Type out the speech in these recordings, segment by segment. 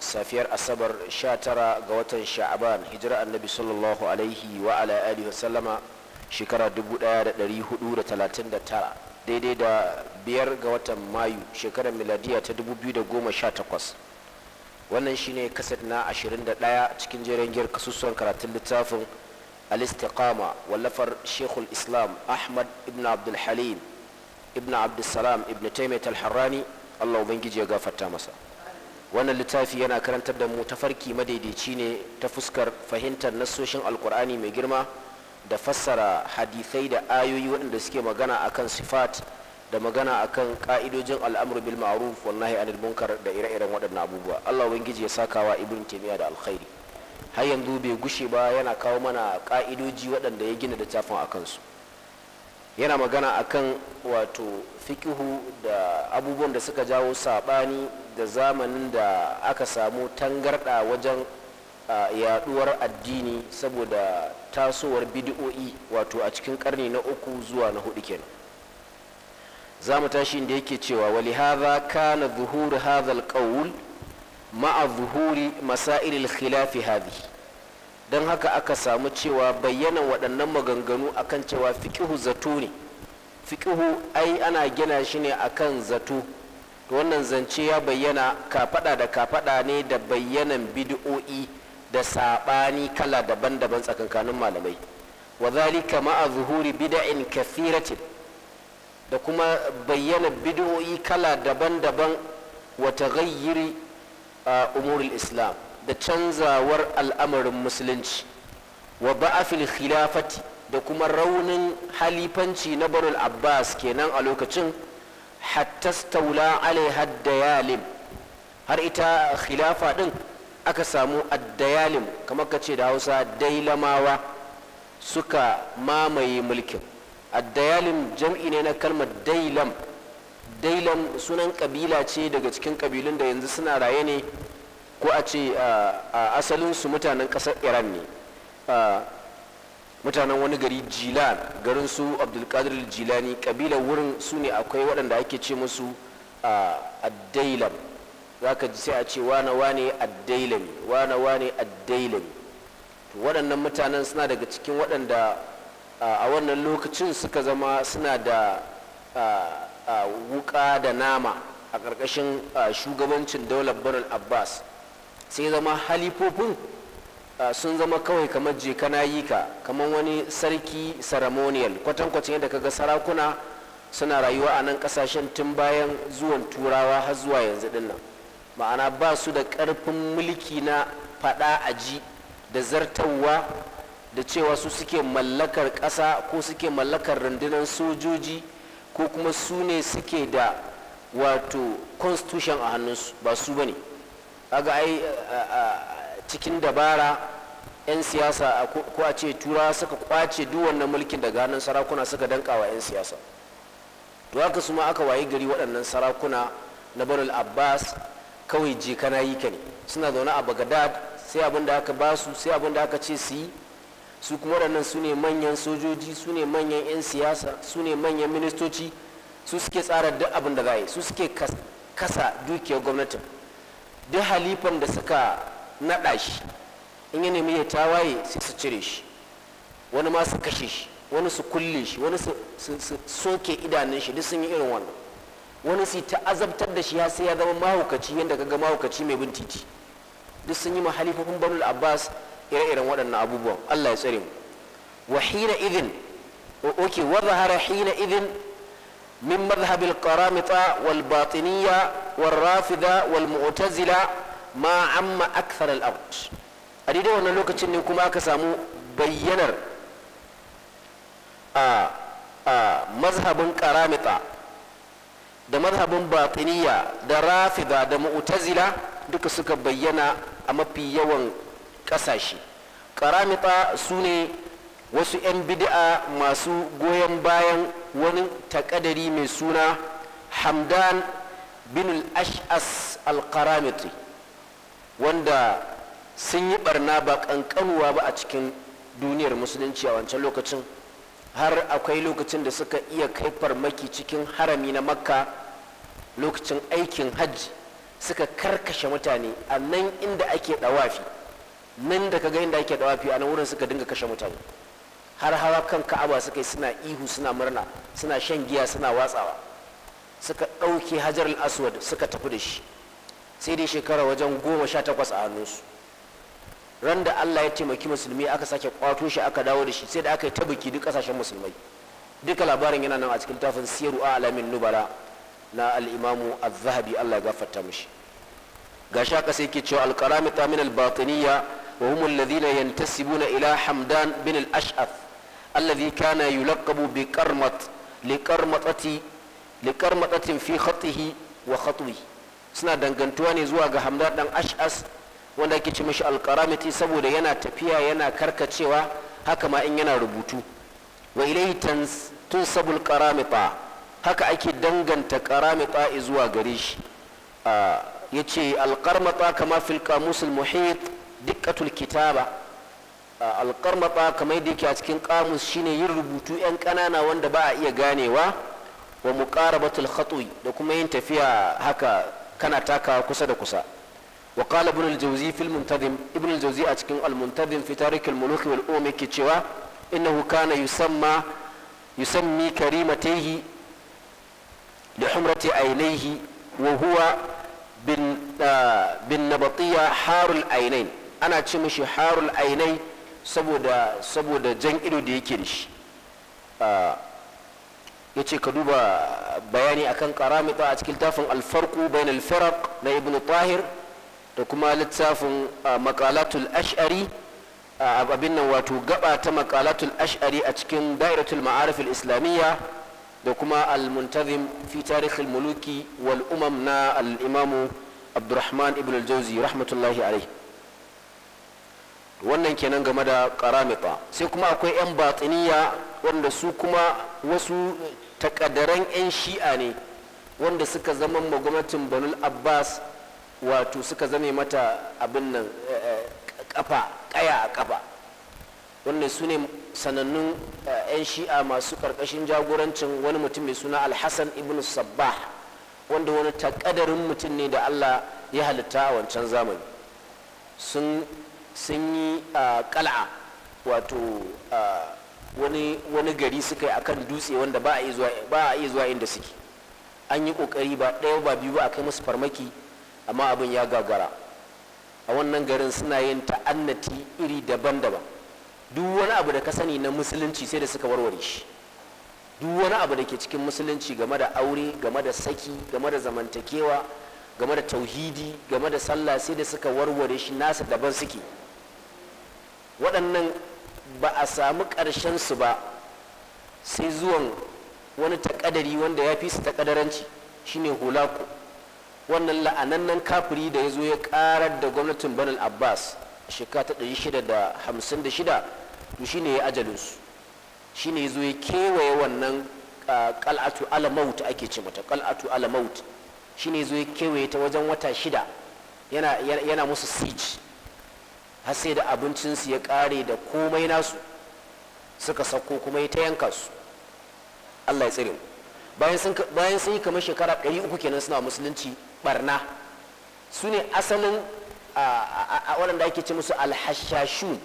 safiyar asabar 19 ga watan sha'aban hijira annabi sallallahu alaihi wa ala alihi wasallama shekara 1439 daidai da biyar ga watan mayu shekarar miladiya ta 2018 wannan shine kaset na 21 cikin jerin giyar kasusuwan karatun littafin al-istiqama wallafar shekul islam ahmad ibn abdulhalim ibn abdulsalam ibn taimaita al-harrani allah ubangiji ya gafarta masa wannan littafi yana karantar da mu tafarki madaidaici ne ta fuskar fahimtar nassoshin alkur'ani mai girma da fassara hadisai da ayoyi waɗanda suke magana akan sifat da magana akan ka'idojin al'amur bil ma'ruf wallahi anil munkar da ire-iren waɗannan abubuwa Allah ubangiji ya saka wa ibn taymiya da alkhairi har yanzu bai gushe ba yana kawo mana ka'idoji waɗanda ya gina da tafin akan su yana magana akan wato fikihu da abubuwan da suka jawo sabani da zamanin da aka samu tangarɗa wajen yaɗuwar addini saboda tasowar bidi'o'i wato a cikin karni na uku zuwa na hudu kenan za mu tashi da yake cewa wali hadha kana zuhur hadha alqawl ma'a zuhuri masail alkhilaf hadhihi dan haka aka samu cewa bayyana waɗannan maganganu akan cewa fiqhu zato ne fiqhu ai ana gina shi ne akan zato wannan zance ya bayyana kafada da kafada ne da bayyanan bid'o'i da saɓani kala daban-daban tsakankanin malamai wa zalika ma'a zuhuri bid'in kathiratin da kuma bayyana bid'o'i kala daban-daban wa taghayyiri umurul islam da canzawar al'amarin musulunci wa ba'afil khilafati da kuma raunin halifanci na barul abbas kenan a lokacin hatta staula alaiha dayalim har ita khilafa din aka samu addayalim kamar ka ce da hausa dailamawa suka mamaye mulkin addayalim jam'i ne na kalmar dailam dailam sunan kabila ce daga cikin kabilun da yanzu suna raye ne ko a ce asalinsu mutanen ƙasar iran ne mutanen wani gari jilan garin su abdulkadir jilani kabilar wurin su ne akwai waɗanda ake ce musu addailam za ka ji sai a ce wane wane addailami wane wane addailami waɗannan mutanen suna daga cikin waɗanda a wannan lokacin suka zama suna da wuka da nama a ƙarƙashin shugabancin daular barin abbas sai zama halifofin Ah, sun zama kawai kamar je na yi ka kamar wani sarki ceremonial da yadda kaga sarakuna suna rayuwa a nan kasashen tun bayan zuwan turawa har zuwa yanzu din ma'ana ba su da karfin mulki na faɗa a ji da zartawa da cewa su suke mallakar ƙasa ko suke mallakar rundunar sojoji ko kuma su ne suke da wato constitution a hannunsu ba su ba ne ai ah, ah, cikin dabara 'yan siyasa ko a ce turawa suka kwace duk wannan mulkin daga hannun sarakuna suka danka wa 'yan siyasa to haka su ma aka wayi gari waɗannan sarakuna na banul abbas kawai je kana yi ka ne suna zaune a bagadad sai abin da aka ba su sai abin da aka ce su yi su kuma waɗannan su ne manyan sojoji su ne manyan 'yan siyasa su ne manyan ministoci su suke tsara duk abin da za su suke kasa dukiyar gwamnatin duk halifan da suka naɗa shi in ya nemi ya tawaye sai su cire shi wani ma su kashe shi wani su kulle shi wani su soke idanun shi duk sun yi irin wannan wani su ta azabtar da shi ya sai ya zama mahaukaci yadda ga mahaukaci mai bin titi duk sun yi ma halifofin banul abbas ire-iren waɗannan abubuwan allah ya tsare mu wa hina idin oke wa zahara hina idin min madhhabil qaramita wal batiniya wal rafida wal mu'tazila ma amma akthar al a daidai wannan lokacin ne kuma aka samu bayyanar a mazhabin karamita da mazhabin batiniya da rafida da mu'tazila duka suka bayyana a mafi yawan kasashe karamita su ne wasu 'yan bid'a masu goyon bayan wani takadari mai suna hamdan bin al-ash'as al-karamiti wanda sun yi barna ba kankanuwa ba a cikin duniyar musulunci a wancan lokacin har akwai lokacin da suka iya kai farmaki cikin harami na makka lokacin aikin hajji suka karkashe mutane a nan inda ake dawafi nan da ka ga inda ake dawafi a nan wurin suka dinga kashe mutane har hawa kan ka'aba suka yi suna ihu suna murna suna shan giya suna watsawa suka ɗauke hajar aswad suka tafi da shi sai dai shekara wajen goma sha takwas a hannunsu ran da allah ya taimaki musulmi aka sake kwato shi aka dawo da shi sai da aka yi ta biki duk kasashen musulmai duka labarin yana nan a cikin tafin siyaru a alamin nubala na al'imamu al-zahabi allah ya gafarta mishi ga sha kasa yake cewa alkaramita min albatiniya wa humul ladina yantasibuna ila hamdan bin al-ash'af alladhi kana yulaqabu bi karmat li karmatatin fi khatihi wa khatwihi suna dangantuwa ne zuwa ga hamdar dan ash'as wanda ake ce mishi alkaramiti saboda yana tafiya yana karkacewa haka ma in yana rubutu wa ilayhi tunsabu karamita haka ake danganta qaramita zuwa gare shi Ya yace alkarmata kama fil qamus muhit dikkatul kitaba alkarmata kamar da yake a cikin kamus shine yin rubutu yan kanana wanda ba a iya ganewa wa muqarabatul khatwi da kuma yin tafiya haka kana takawa kusa da kusa wa qala ibn al-jawzi fil muntazim ibn al-jawzi a cikin al-muntazim fi tarikh al-muluk wal umm yake cewa innahu kana yusamma yusammi karimatayhi li humrati aynayhi wa huwa bin bin nabatiya harul aynain ana ce mishi harul aynai saboda saboda jan ido da yake da shi ya ce ka duba bayani akan karamita a cikin tafin alfarku bayan alfarq na ibn tahir da kuma littafin makalatul ash'ari abin nan wato gaba ta makalatul ash'ari a cikin dairatul ma'arif islamiyya da kuma al-muntazim fi tarihil muluki wal umam na al-imamu abdurrahman ibn al-jauzi rahmatullahi Alayhi. wannan kenan game da karamita sai kuma akwai 'yan batiniya wanda su kuma wasu takadaran 'yan shi'a ne wanda suka zama magwamnatin banul abbas wato suka zame mata abin nan eh, eh, kafa kaya a kafa wannan su ne sanannun eh, 'yan shi'a masu karkashin jagorancin wani mutum mai suna alhassan ibn sabbah wanda wani takadarin mutum ne da allah ya halitta a wancan zamani sun yi kal'a ah, wato ah, wani gari suka yi a kan dutse wanda ba a iya zuwa ba a iya zuwa inda suke an yi kokari ba ɗaya ba biyu ba a kai musu farmaki amma abin ya gagara a wannan garin suna yin ta'annati iri daban-daban duk wani abu da ka sani na musulunci sai da suka warware shi duk wani abu da ke cikin musulunci game da aure game da saki game da zamantakewa game da tauhidi game da sallah sai da suka warware shi nasa daban suke waɗannan ba a samu su ba sai zuwan wani takadari wanda ya fi su takadaranci shine hulaku wannan la'anannen kafiri da ya zo ya karar da gwamnatin banal abbas a shekara ta 656 to shine ya ajalinsu shine ya zo ya kewaye wannan kal'atu alamaut ake ce mata kal'atu alamaut shine ya zo ya kewaye ta wajen wata shida yana musu siege har sai da abincinsu ya kare da komai nasu suka sauko kuma ya ta yanka su allah ya tsire mu bayan sun yi kamar shekara 300 kenan suna musulunci barna su ne asalin a waɗanda ake ce musu alhashashun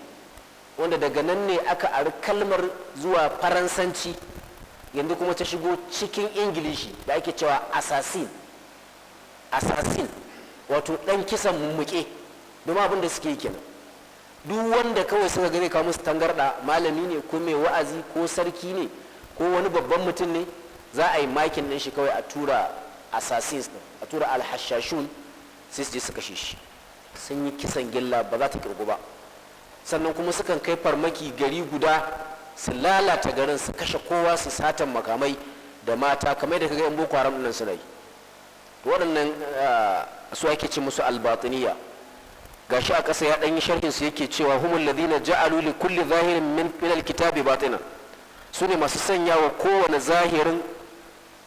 wanda daga nan ne aka ari kalmar zuwa faransanci yanzu kuma ta shigo cikin ingilishi da ake cewa assassin assassin wato ɗan kisan mummuke domin abin da suke kenan duk wanda kawai suka ga zai kawo musu tangarda malami ne ko mai wa'azi ko sarki ne ko wani babban mutum ne za a yi makin din shi kawai a tura assassins din a tura alhashashun sai su je su kashe shi sun yi kisan gilla ba za ta kirgu ba sannan kuma sukan kai farmaki gari guda su lalata garin su kashe kowa su satan makamai da mata kamar da kaga yan boko haram nan suna yi waɗannan ah, su ake ce musu albatiniya gashi a ƙasa ya ɗan yi sharhin su yake cewa humul ladina ja'alu li kulli zahirin min min alkitabi batina su ne masu sanya wa kowane zahirin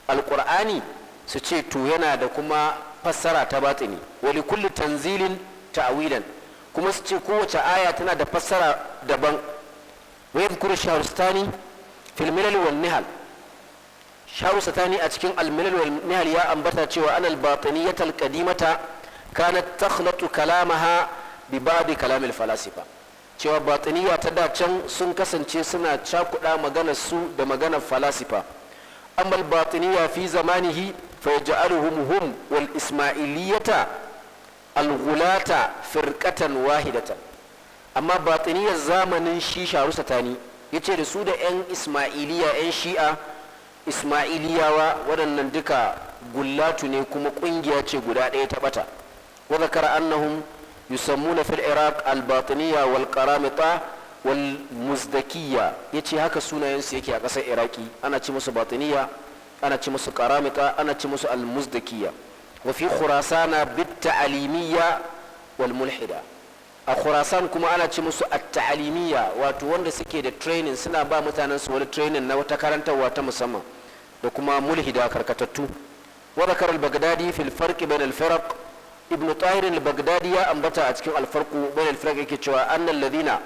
alqur'ani su ce to yana da kuma fassara ta batini wa li kulli tanzilin ta'wilan kuma su ce kowace aya tana da fassara daban wa yadhkuru shahrustani fil milal wal nihal shahrustani a cikin al milal wal nihal ya ambata cewa anal batiniyatal qadimata kanat takhlatu kalamaha bi ba'di kalamil falasifa cewa batiniya ta da can sun kasance suna cakuɗa maganar su da maganar falasifa amma batiniya fi zamanihi fa yaj'aluhum hum wal ismailiyata al ghulata firqatan wahidatan amma batiniyar zamanin shi sharu satani yace da su da yan ismailiya yan shi'a ismailiyawa waɗannan duka gullatu ne kuma ƙungiya ce guda ɗaya ta ɓata وذكر أنهم يسمون في العراق الباطنية والقرامطة والمزدكية يتي هكا سونا ينسي يكي أقصى عراقي أنا تمس باطنية أنا تمس قرامطة أنا تمس المزدكية وفي خراسان بالتعليمية والملحدة a khurasan kuma ana ce musu at wato wanda suke da training suna ba mutanensu wani training na wata karantarwa ta musamman da kuma mulhida karkatattu wa al-baghdadi fil ibn tahir al-baghdadi ya ambata a cikin alfarku bayan alfarka yake cewa annal ladina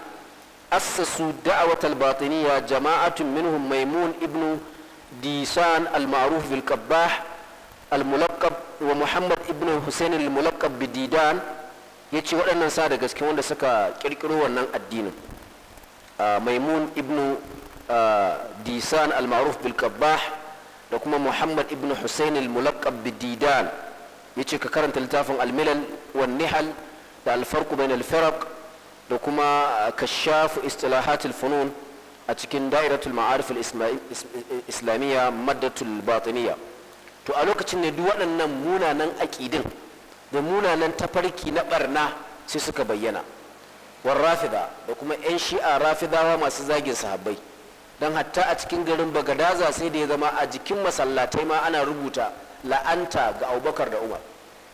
assasu da'awat al-batiniya jama'atun minhum maimun ibn disan al-ma'ruf bil qabbah al-mulaqab wa muhammad ibn husain al-mulaqab bididan yace waɗannan sa da gaske wanda suka kirkiro wannan addinin maimun ibn disan al-ma'ruf bil qabbah da kuma muhammad ibn husain al-mulaqab bididan yace ka karanta littafin almilal wan nihal da alfarku bain alfarq da kuma kashaf istilahatul funun a cikin da'iratul ma'arif islamiyya maddatul batiniya to a lokacin ne duk waɗannan munanan aƙidin da munanan tafarki na barna sai suka bayyana war rafida da kuma 'yan shi'a rafidawa masu zagin sahabbai don hatta a cikin garin bagadaza sai da ya zama a jikin masallatai ma ana rubuta la'anta ga abubakar da umar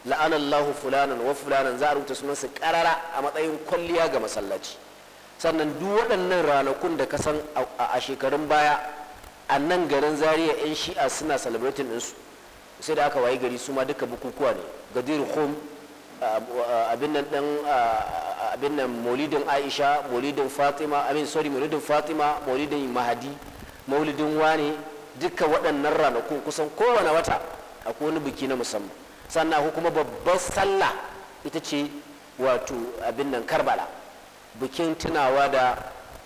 la'anallahu fulanan wa fulanan za a rubuta sunansu karara a matsayin kwalliya ga masallaci sannan duk waɗannan ranakun da ka san a shekarun baya a nan garin zariya 'yan shi'a suna celebrating ɗinsu sai da aka wayi gari su ma duka bukukuwa ne gadir hum abin nan ɗan abin nan maulidin aisha maulidin fatima amin sorry maulidin fatima maulidin mahadi maulidin wane duka waɗannan ranakun kusan kowane wata akwai wani biki na musamman sannan ko kuma babbar sallah ita ce wato abin nan karbala bikin tunawa da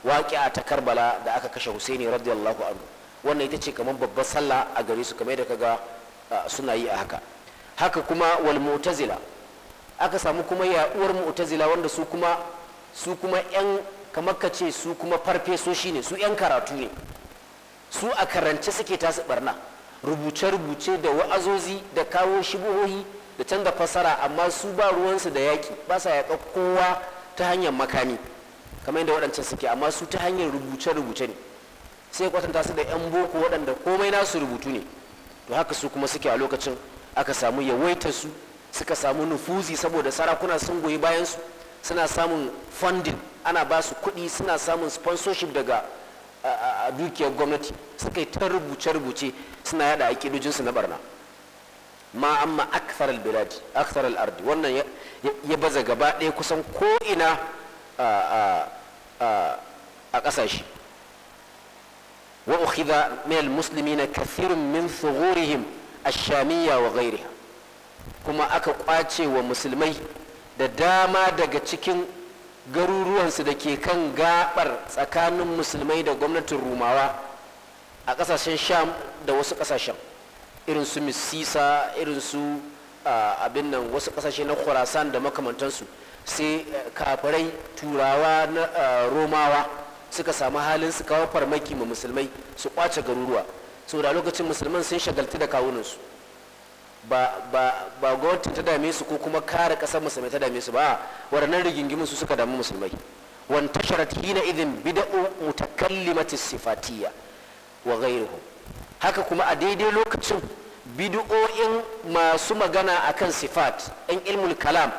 waƙi'a ta karbala da aka kashe husaini radiyallahu anhu wannan ita ce kamar babbar sallah a gare su kamar da kaga suna yi a haka haka kuma wal mu'tazila aka samu kuma yaɗuwar mu'tazila wanda su kuma su kuma yan kamar ka ce su kuma farfesoshi ne su yan karatu ne su a karance suke tasu barna rubuce-rubuce da wa'azozi da kawo shibuhohi da canza fasara amma su ba ruwansu da yaƙi ba sa yaƙa kowa ta hanyar makami kamar yadda waɗancan suke amma su ta hanyar rubuce-rubuce ne sai kwatanta su da 'yan boko waɗanda komai nasu rubutu ne to haka su kuma suke a lokacin aka samu yawaitar su suka samu nufuzi saboda sarakuna sun goyi bayan su suna samun funding ana ba su kuɗi suna samun sponsorship daga a dukiyar gwamnati suka yi ta rubuce-rubuce suna yada aƙidojinsu na barna ma amma akthar al-bilad akthar al-ardi wannan ya baza gaba ɗaya kusan ko ina a ƙasashe wa ukhidha min al-muslimina kathirun min thughurihim ash-shamiyya wa ghayriha kuma aka kwace wa musulmai da dama daga cikin garuruwansu da ke kan gabar tsakanin musulmai da gwamnatin rumawa a kasashen sham da wasu kasashen irin su misisa irin su abin nan wasu kasashe na khurasan da makamantansu sai eh, kafirai turawa na romawa suka samu halin su kawo farmaki ma musulmai su kwace garuruwa sau da lokacin musulman sun shagaltu da kawunansu ba gwamnati ta dame su ko kuma kare kasar musulmai ta dame su ba waɗannan rigingimin su suka damu musulmai wan tasharat hina idin bid'u mutakallimati sifatiyya wa ghayruhum haka kuma a daidai lokacin bid'o'in masu magana akan sifat ɗan ilmul kalam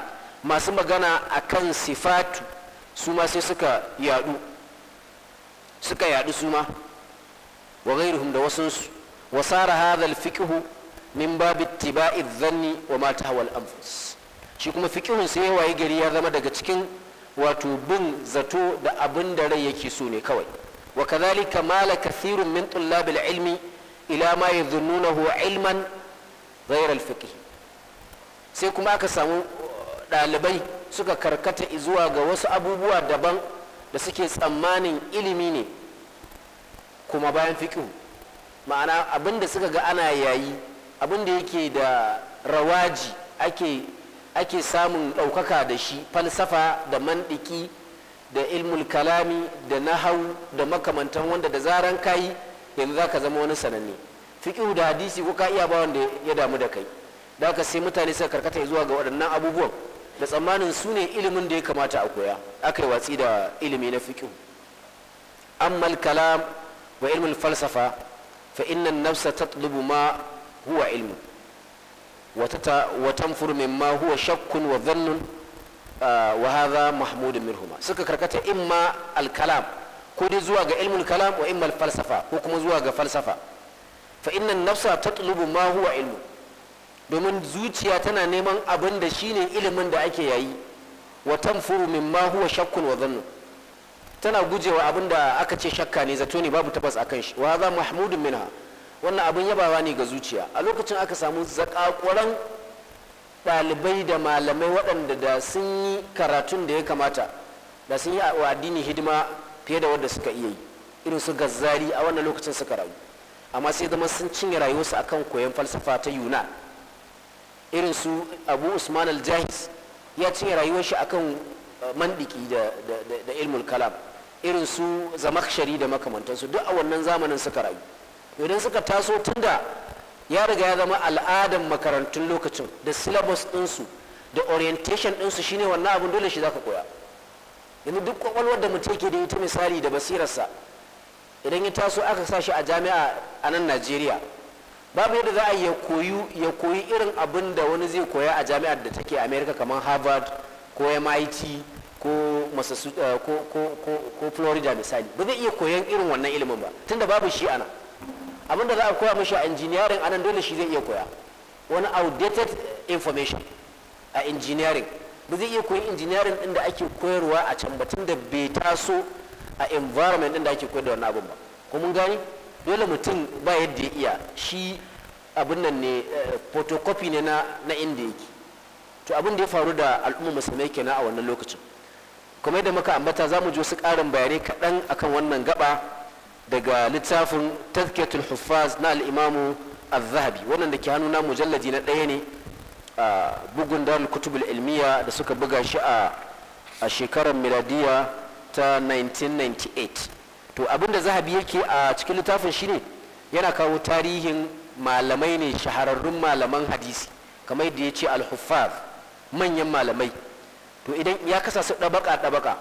masu magana akan sifatu su ma sai suka yadu suka yadu su ma wa ghayruhum da wasu wasara hadha al-fiqhu min babu tiba'i zanni wa ma tahawal anfus shi kuma fikihun sai ya waye gari ya zama daga cikin wato bin zato da abin da rai yake so ne kawai wa kadhalika mala kathirun min tullabil ilmi ila ma yadhunnunahu ilman ghayra al fiqh sai kuma aka samu uh, ɗalibai suka karkata zuwa ga wasu abubuwa daban da suke tsammanin ilimi ne kuma bayan fiqh ma'ana abin da suka ga ana yayi abin da yake da rawaji ake ake samun ɗaukaka da shi falsafa da mandiki da ilmul kalami da nahau da makamantan wanda da zaran kayi yanzu za ka zama wani sananne fiƙihu da hadisi ko ka iya ba wanda ya damu da kai da ka sai mutane suka karkata zuwa ga waɗannan abubuwan da tsammanin su ne ilimin da ya kamata a koya aka yi watsi da ilimi na fiƙihu ammal kalam wa ilmul falsafa fa innan nafsa tatlubu ma huwa ilmu wa tanfuru mimma huwa shakkun wa dhannun ah, wa hadha mahmudun suka karkata imma al-kalam ko dai zuwa ga ilmul kalam wa imma falsafa ko kuma zuwa ga falsafa fa nafsa tatlubu ma huwa domin zuciya tana neman abin da shine ilimin da ake yayi wa tanfuru ma huwa shakkun wa dhannun tana gujewa abin da aka ce shakka ne zato ne babu tabbas akan shi wa hadha mahmudun minha wannan abin yabawa ne ga zuciya a lokacin aka samu zakakuran ɗalibai da malamai waɗanda da sun yi karatun da ya kamata da sun yi wa addini hidima fiye da wadda suka iya yi irin su gazzari a wannan lokacin suka rayu amma sai zama sun cinye rayuwarsu akan koyon falsafa ta yuna irin su abu usman al-jahis ya cinye rayuwar shi akan eh, mandiki da ilmul kalam irin su zamakshari da makamantansu duk a wannan zamanin suka rayu idan suka taso tunda ya riga ya zama al'adan makarantun lokacin da syllabus ɗinsu da orientation ɗinsu shine wannan abin dole shi zaka koya yanzu duk kwakwalwar da mutum ke da ita misali da basirarsa idan ya taso aka sa shi a jami'a a nan najeriya babu yadda za a ya koyu ya koyi irin abin da wani zai koya a jami'ar da take america kamar harvard ko mit eh, ko florida misali ba zai iya koyan irin wannan ilimin ba tunda babu shi ana Abin da za a koya mashi a engineering anan dole shi zai iya koya wani outdated information a engineering ba zai iya koyi injiniyarin din da ake koyarwa a can batun da bai taso a environment din da ake koyar da wannan abin ba ko mun gani dole mutum ba yadda ya iya shi abin nan ne eh, photocopy ne na na inda yake to abin da ya faru da al'umma musulmai kenan a wannan lokacin kuma yadda muka ambata za mu ji wasu ƙarin bayanai kaɗan akan wannan gaba daga littafin tazkiyatul huffaz na al'imamu al-zahabi wannan da ke hannu na mujalladi na ɗaya ne a bugun darul kutubul ilmiya da suka buga shi a a shekarar miladiya ta 1998 to abinda zahabi yake a cikin littafin ne. yana kawo tarihin malamai ne shahararrun malaman hadisi kamar yadda ya ce al-huffaz manyan malamai to idan ya kasa su ɗabaka ɗabaka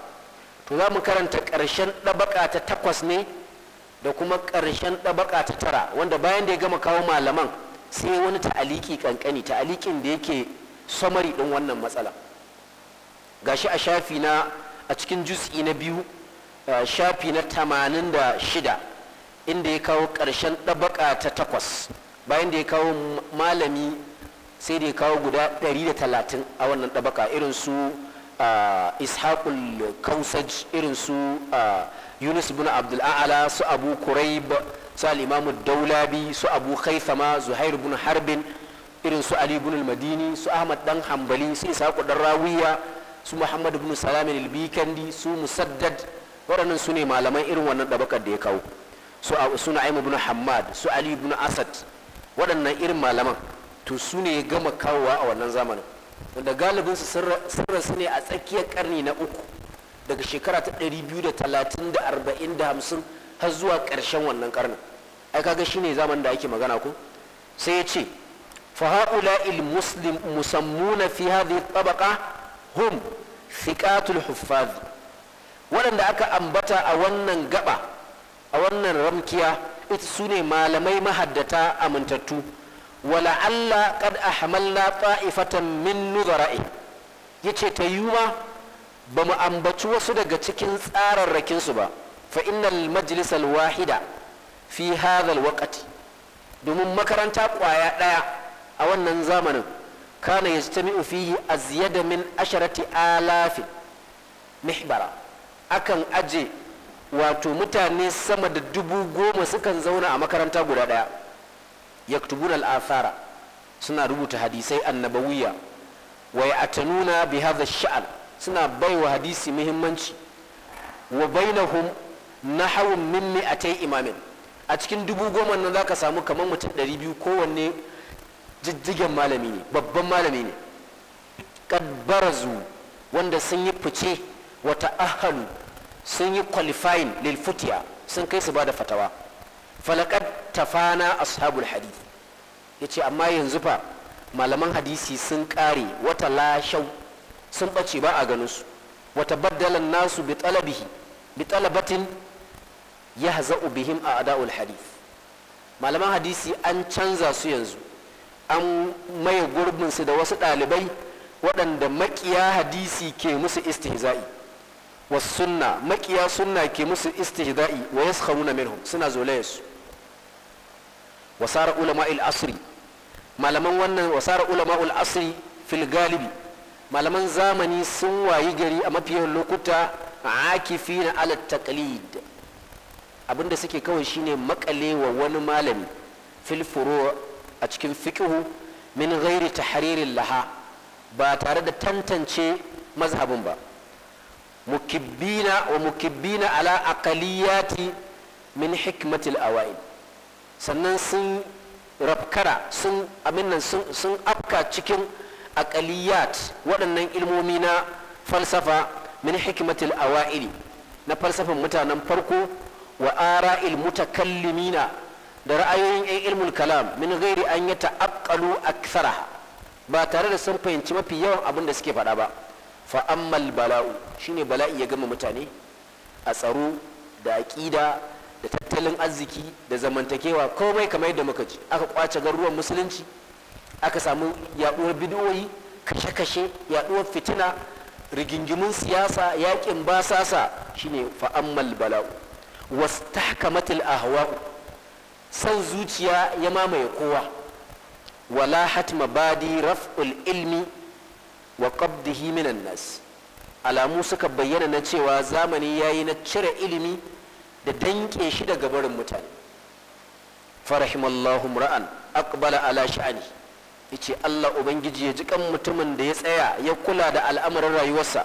to za mu karanta ƙarshen ɗabaka ta takwas ne da kuma ƙarshen ɗabaka ta tara wanda bayan da ya gama kawo malaman sai wani ta'aliki kankani ta'alikin da yake samari ɗin wannan matsala gashi a shafi na a cikin jus'i na biyu shafi na tamanin da shida inda ya kawo ƙarshen ɗabaka ta takwas bayan da ya kawo malami sai da ya kawo guda ɗari da talatin a wannan ɗabaka irin su ishaqul kausaj irin su yunus bin abdul a'ala su abu kuraib su al-imam daulabi su abu khaifama zuhair bin harbin irin su ali bin madini su ahmad dan hambali su ishaqu dan rawiya su muhammad bin salam al-bikandi su musaddad waɗannan su ne malaman irin wannan dabakar da ya kawo su su na'im bin hammad su ali bin asad waɗannan irin malaman to su ne ya gama kawowa a wannan zamanin wanda galibinsu sun su ne a tsakiyar karni na uku daga shekara ta 230 da 40 da 50 har zuwa ƙarshen wannan karnin ai kaga shine zaman da ake magana ko sai ya ce fa il muslim musammuna fi hadhihi tabaqa hum thiqatul huffaz waɗanda aka ambata a wannan gaba a wannan ramkiya ita su ne malamai mahaddata amintattu wala Allah kad ahmalna ta'ifatan min nuzara'i yace ta yiwa ba mu ambaci wasu daga cikin tsararrakin su ba fa innal majlis al wahida fi hadha al waqti domin makaranta kwaya daya a wannan zamanin kana yajtami'u fihi azyada min asharati alafin mihbara akan aje wato mutane sama da dubu goma sukan zauna a makaranta guda daya yaktubuna Afara suna rubuta hadisai annabawiya wa ya'tanuna bi hadha sha'an suna baiwa hadisi muhimmanci wa bainahum nahawun min mi'atai imamin a cikin dubu goma nan zaka samu kamar mutum ɗari biyu kowanne jijjigen malami ne babban malami ne Kadbarazu wanda sun yi fice wata ahalu sun yi qualifying lil sun kai su ba da fatawa falakad tafana ashabul hadith yace amma yanzu fa malaman hadisi sun kare wata lashau sun bace ba a ganinsu wata baddalan nasu bi talabihi bi talabatin yahza'u bihim a ada'ul hadith malaman hadisi an canza su yanzu an maye gurbinsu da wasu ɗalibai waɗanda makiya hadisi ke musu istihza'i wasu sunna makiya sunna ke musu istihza'i wa yaskhawuna minhum suna su wasara ulama'il asri malaman wannan wasara ulama'ul asri fil galibi malaman zamani sun wayi gari a mafiyan lokuta akifi na ala taqlid abinda suke kawai shine makale wa wani malami fil furu a cikin fiqhu min ghairi tahririn laha ba tare da tantance mazhabin ba mukibbina wa mukibbina ala aqaliyati min hikmatil awa'id sannan sun rafkara sun abin sun afka cikin akaliyat waɗannan ilmomi na falsafa min hikimatil awa'ili na falsafan mutanen farko wa ara'il mutakallimina da ra'ayoyin 'yan ilmul kalam min gairi an ya ta'aqqalu aktharaha ba tare da sun fahimci mafi yawan abin da suke faɗa ba fa bala'u shine bala'i ya gama mutane a tsaro da aƙida da tattalin arziki da zamantakewa komai kamar yadda muka ji aka kwace garuruwan musulunci aka samu yaduwar bidiyoyi kashe-kashe yaduwar fitina rigingimin siyasa yakin basasa shine fa'ammal bala'u wastahkamatil hawa san zuciya ya mamaye kowa wala hatma badi raf'ul ilmi wa qabdihi minan nas alamu suka bayyana na cewa zamani yayi na cire ilimi da danke shi daga barin mutane farahimallahu ra'an aqbala ala sha'ani yace Allah ubangiji ya ji kan mutumin da ya tsaya ya kula da al'amuran rayuwarsa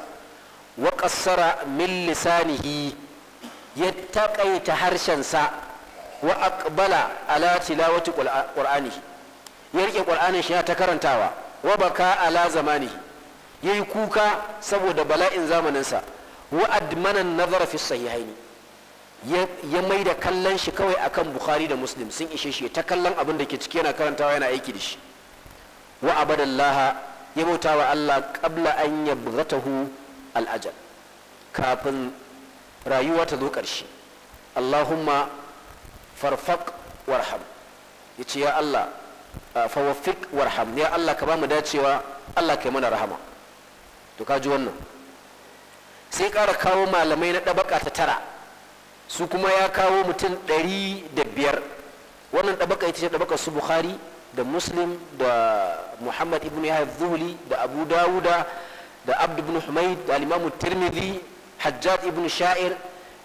wa qassara min lisanihi ya taƙaita harshensa wa aqbala ala tilawati qur'anihi ya rike qur'anin shi ta karantawa wa baka ala zamanihi yayi kuka saboda bala'in zamaninsa wa admana nazara fi sahihaini ya mai da kallon shi kawai akan bukhari da muslim sun ishe shi ta kallon abin da ke ciki yana karantawa yana aiki da shi wa abadallaha ya bauta wa allah qabla an yabghatahu al'ajal kafin rayuwa ta zo ƙarshe allahumma farfaq warham ya ce ya allah fawafiq warham ya allah ka ba mu dacewa allah kai mana rahama to ka ji wannan sai ƙara kawo malamai na ɗabaka ta tara su kuma ya kawo mutum ɗari da biyar wannan ɗabaka ita ce ɗabakar su bukhari da muslim da muhammad ibn yahya da abu dawuda da abd ibn humaid da alimamu tirmidhi hajjat ibn sha'ir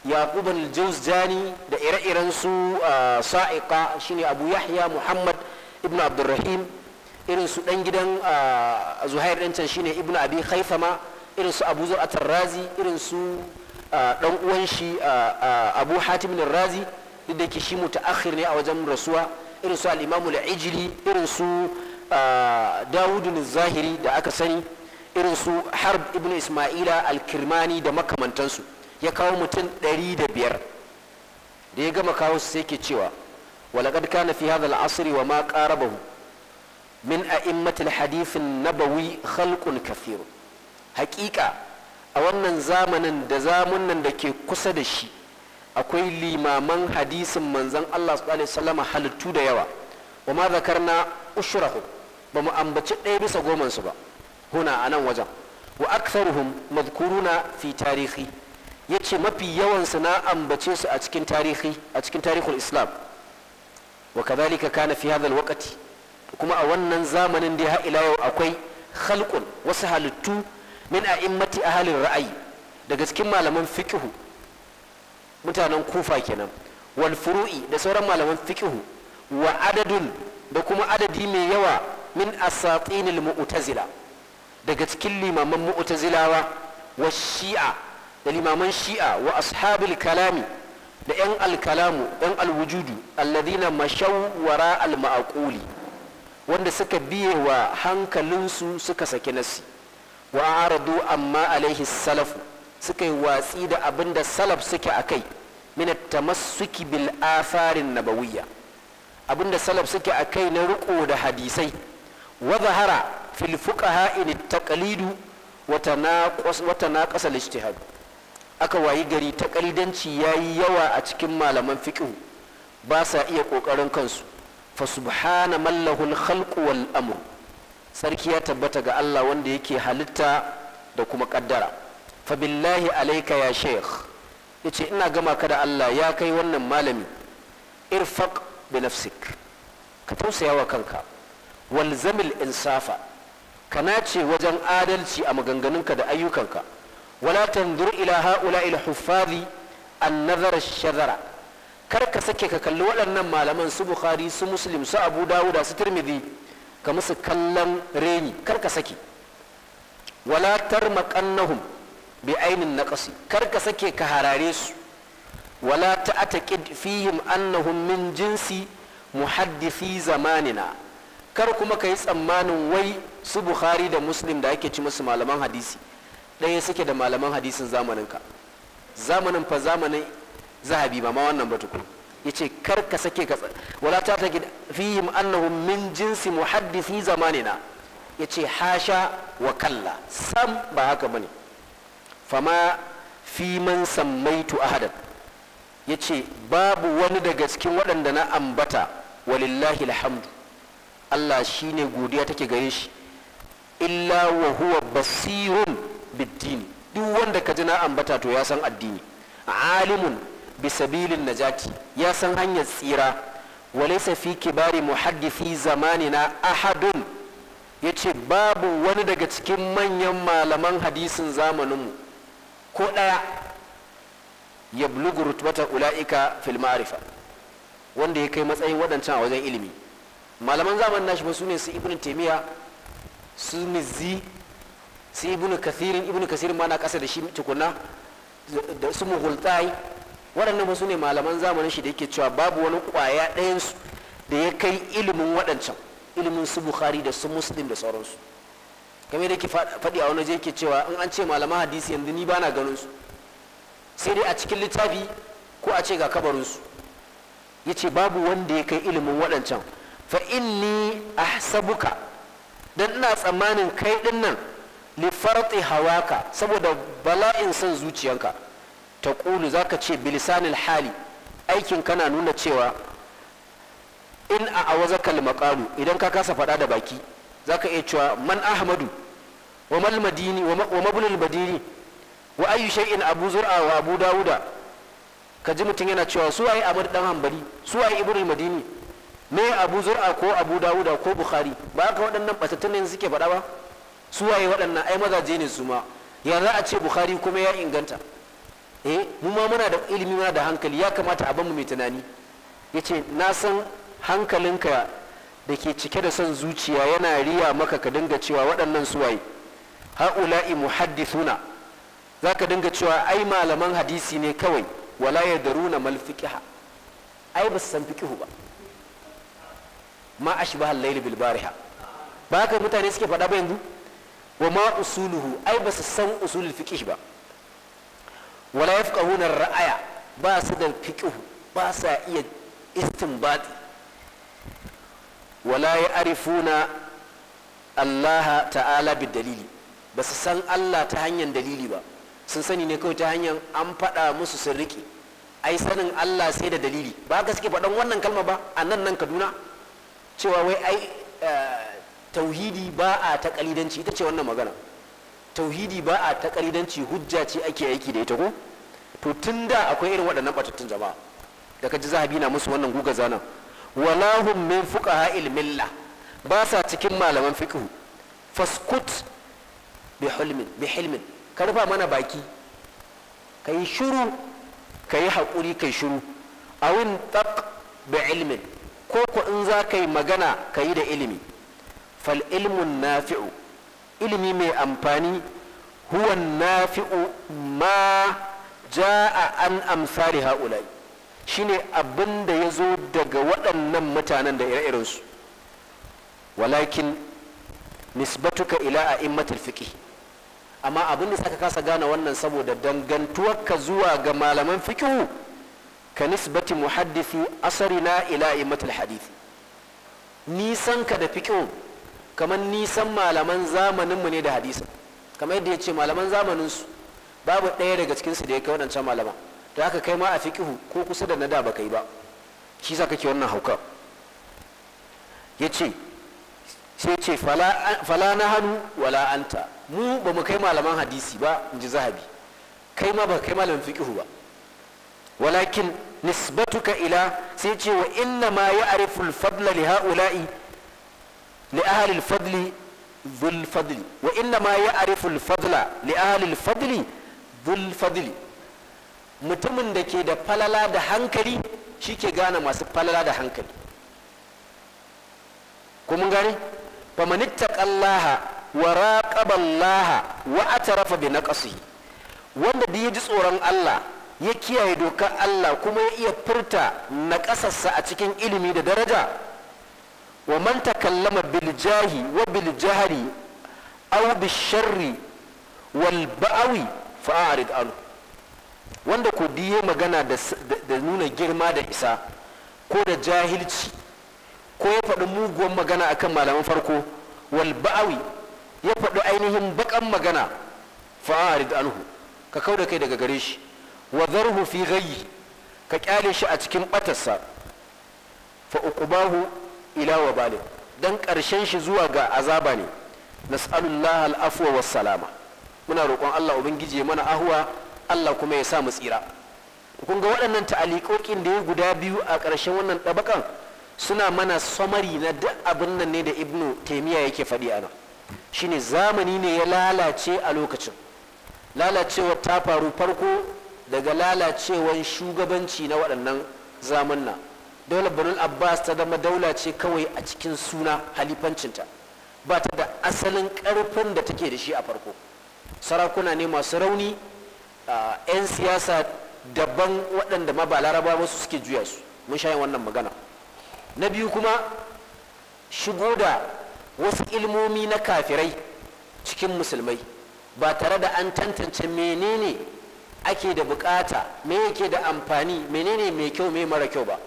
yaqub al jani da ire-iren su sa'iqa shine abu yahya muhammad ibn abdurrahim irin su dan gidan zuhair ɗancan shine ibn abi khaifama irin su abu zur tarrazi irin su dan uwan shi abu hatim razi duk da ke shi mutaakhir ne a wajen rasuwa irin su al-imamu irin su dawud zahiri da aka sani irin su harb ibn isma'ila al-kirmani da makamantansu ya kawo mutum ɗari da biyar da ya gama kawo su sai ke cewa walaƙad kana fi hadha asiri wa ma qarabahu min a'immatil hadithin nabawi khalqun kathir haƙiƙa a wannan zamanin da zamunan da ke kusa da shi akwai limaman hadisin manzon Allah sallallahu halittu da yawa wa ma zakarna ushurahum ba mu ambaci ɗaya bisa goman su ba huna a nan wajen wa aktharuhum madhkuruna fi tarihi yace mafi yawan su na ambace su a cikin tarihi a cikin tarihul islam wa kadhalika kana fi hadha alwaqti kuma a wannan zamanin da ya ila yau akwai khalqun wasu halittu min a a halin ra'ayi daga cikin malaman fikihu mutanen kufa kenan wal furu'i da sauran malaman fikihu wa adadun da kuma adadi mai yawa min asatinil mu'tazila daga cikin limaman mu'tazilawa wa shi'a da limaman shi'a wa ashabil kalami da yan alkalamu yan alwujudu alladhina mashawwara al wanda suka biye wa hankalinsu suka saki nasi wa aradu amma alaihi salafu suka yi watsi da abin da salaf suke a kai min tamassuki bil afarin nabawiyya abin da salaf suke a kai na riko da hadisai wa zahara fil fuqaha in taqlidu wa tanaqas wa ijtihad aka wayi gari taqlidanci yayi yawa a cikin malaman fiqh ba sa iya kokarin kansu fa subhana man lahul khalqu wal amru sarki ya tabbata ga Allah wanda yake halitta da kuma kaddara fa billahi alayka ya sheikh yace ina gama ka da Allah ya kai wannan malami irfaq bi nafsik ka tausaya wa kanka walzamil insafa ka nace wajen adalci a maganganunka da ayyukanka wala tanzur ila haula ila huffazi an nazar shazara kar ka sake ka kalli waɗannan malaman su bukhari su muslim su abu dawuda su tirmidhi ka musu kallon reni kar ka saki wala tarmaqannahum bi ainin naqsi kar ka sake ka harare su wala ta'taqid fihim annahum min jinsi muhaddisi zamanina kar kuma ka yi tsammanin wai su bukhari da muslim da ake ci musu malaman hadisi ɗaya suke da malaman hadisin zamaninka zamanin fa zamanin zahabi ba ma wannan ba yace kar ka sake ka wala ta tagid fihim annahum min jinsi muhaddisi zamanina yace hasha wa kalla sam ba haka bane fama fi man sammaitu ahadan yace babu wani daga cikin waɗanda na ambata walillahi alhamdu Allah shine godiya take gare shi illa wa huwa basirun biddini duk wanda ka ji na ambata to ya san addini alimun bi sabilin najati ya san hanyar tsira walaysa fi kibari muhaddisi zamanina ahadun ce babu wani daga cikin manyan malaman hadisin zamaninmu ko ɗaya ya bulugu rutubata ula'ika fil wanda ya kai matsayin waɗancan a wajen ilimi malaman zamanin nashi ba su ne su ibn taimiya su mizzi su ibn kathirin ibn kathirin ma na ƙasa da shi tukuna su muhultai waɗannan ba su ne malaman zamanin shi da yake cewa babu wani ƙwaya ɗayansu da ya kai ilimin waɗancan ilimin su bukhari da su muslim da sauransu game da ke faɗi a wani je yake cewa in an ce malaman hadisi yanzu ni bana ganin su sai dai a cikin littafi ko a ce ga kabarinsu ya ce babu wanda ya kai ilimin waɗancan fa inni ahsabuka dan ina tsammanin kai ɗin nan li farti hawaka saboda bala'in son zuciyanka ta ƙulu za ka ce bilisanil hali aikin kana nuna cewa in a awazaka maƙalu idan ka kasa faɗa da baki za ka iya cewa man ahmadu wa mal madini wa mabnul madini wa ayyu shay'in abu zur'a wa abu dauda ka ji mutum yana cewa su waye abu dan hanbali su waye ibnul madini me abu zur'a ko abu dauda ko bukhari ba ka waɗannan batattun ne suke faɗa ba su waye waɗannan ai mazaje ne su ma yanzu a ce bukhari kuma ya inganta eh mu ma muna da ilimi muna da hankali ya kamata a mu mai tunani ya ce na san hankalinka da ke cike da son zuciya yana riya maka ka dinga cewa waɗannan suwaye ha'ula'i muhaddithuna za ka dinga cewa ai malaman hadisi ne kawai wala ya daru na fiqiha ai ba su san fiqihu ba ma a shi layl bil bilbariha ba haka mutane suke faɗa ba yanzu wa ma usuluhu ai ba su san usulul fiqh ba wala yafqahuna ra'aya ba su da fiqh ba sa iya istinbati wala ya'rifuna Allah ta'ala bi dalili ba su san Allah ta hanyar dalili ba sun sani ne kawai ta hanyar an faɗa musu sun riƙe ai sanin Allah sai da dalili ba ka suke faɗan wannan kalma ba a nan nan Kaduna cewa wai ai eh, tauhidi ba a ta kalidanci ita ce wannan magana tauhidi ba a ta karidanci hujja ce ake aiki da ita ko to tun da akwai irin waɗannan batattun jama'a da kaji zahabi na musu wannan guga zanan walahum min fuqaha ilmilla ba sa cikin malaman fiqh faskut bi hulmin bi hilmin karfa mana baki kai shiru kai hakuri kai shiru awin taq bi ilmin ko ko in za kai magana ka da ilimi fal ilmun nafi'u ilimi mai amfani huwan nafi'u ma ja'a an amsari ha'ulai shine abin da ya zo daga waɗannan mutanen da ire-irinsu walakin nisbatuka ila a immatul fiqh amma abin da saka kasa gane wannan saboda dangantuwarka zuwa ga malaman fikihu ka nisbati muhaddisi asarina ila immatul hadisi nisan ka da fikihu kamar nisan malaman zamaninmu ne da hadisa kamar yadda ya ce malaman zamaninsu babu ɗaya daga cikinsu da ya kai waɗancan malama da aka kai ma a fiƙihu ko kusa da nada ba kai ba shi za kake wannan hauka ya ce sai ce fala na hannu wala anta mu ba mu kai malaman hadisi ba in ji zahabi kai ma ba kai malamin fiƙihu ba walakin nisbatuka ila sai ce wa inna ma ya ariful fadla li ha'ula'i li ahli al-fadli dhul fadli wa inna ma ya'rifu al-fadla li mutumin da ke da falala da hankali shi ke gane masu falala da hankali kuma gane faman ittaqallaha wa raqaba wa atarafa bi naqsihi wanda da ya ji tsoron Allah ya kiyaye dokar Allah kuma ya iya furta naƙasarsa a cikin ilimi da daraja wa manta kallama bil jahi wa bil jahri aw wanda ko magana da nuna girma da isa ko da jahilci ko ya faɗi muguwan magana akan malaman farko wal ya faɗi ainihin baƙan magana fa'arid anhu ka kauda kai daga gare shi wa zarhu fi ghayyi ka kyale shi a cikin batarsa fa ila wa balin dan ƙarshen shi zuwa ga azaba ne nas'alullah alafuwa was salama muna roƙon Allah ubangiji mana ahuwa Allah kuma ya sa mu tsira kun ga waɗannan ta'alikokin da ya guda biyu a ƙarshen wannan ɗabakan suna mana samari na duk abin nan ne da ibnu taimiyya yake faɗi ana shine zamani ne ya lalace a lokacin lalacewar ta faru farko daga lalacewar shugabanci na waɗannan zamanin dole banu abbas ta zama daula ce kawai a cikin suna halifancinta ba ta da asalin karfin da take da shi a farko sarakuna ne masu rauni 'yan siyasa daban waɗanda ma ba laraba wasu suke juya su mun sha wannan magana na biyu kuma shigo da wasu ilmomi na kafirai cikin musulmai ba tare da an tantance menene ake da bukata me yake da amfani menene mai kyau mai mara kyau ba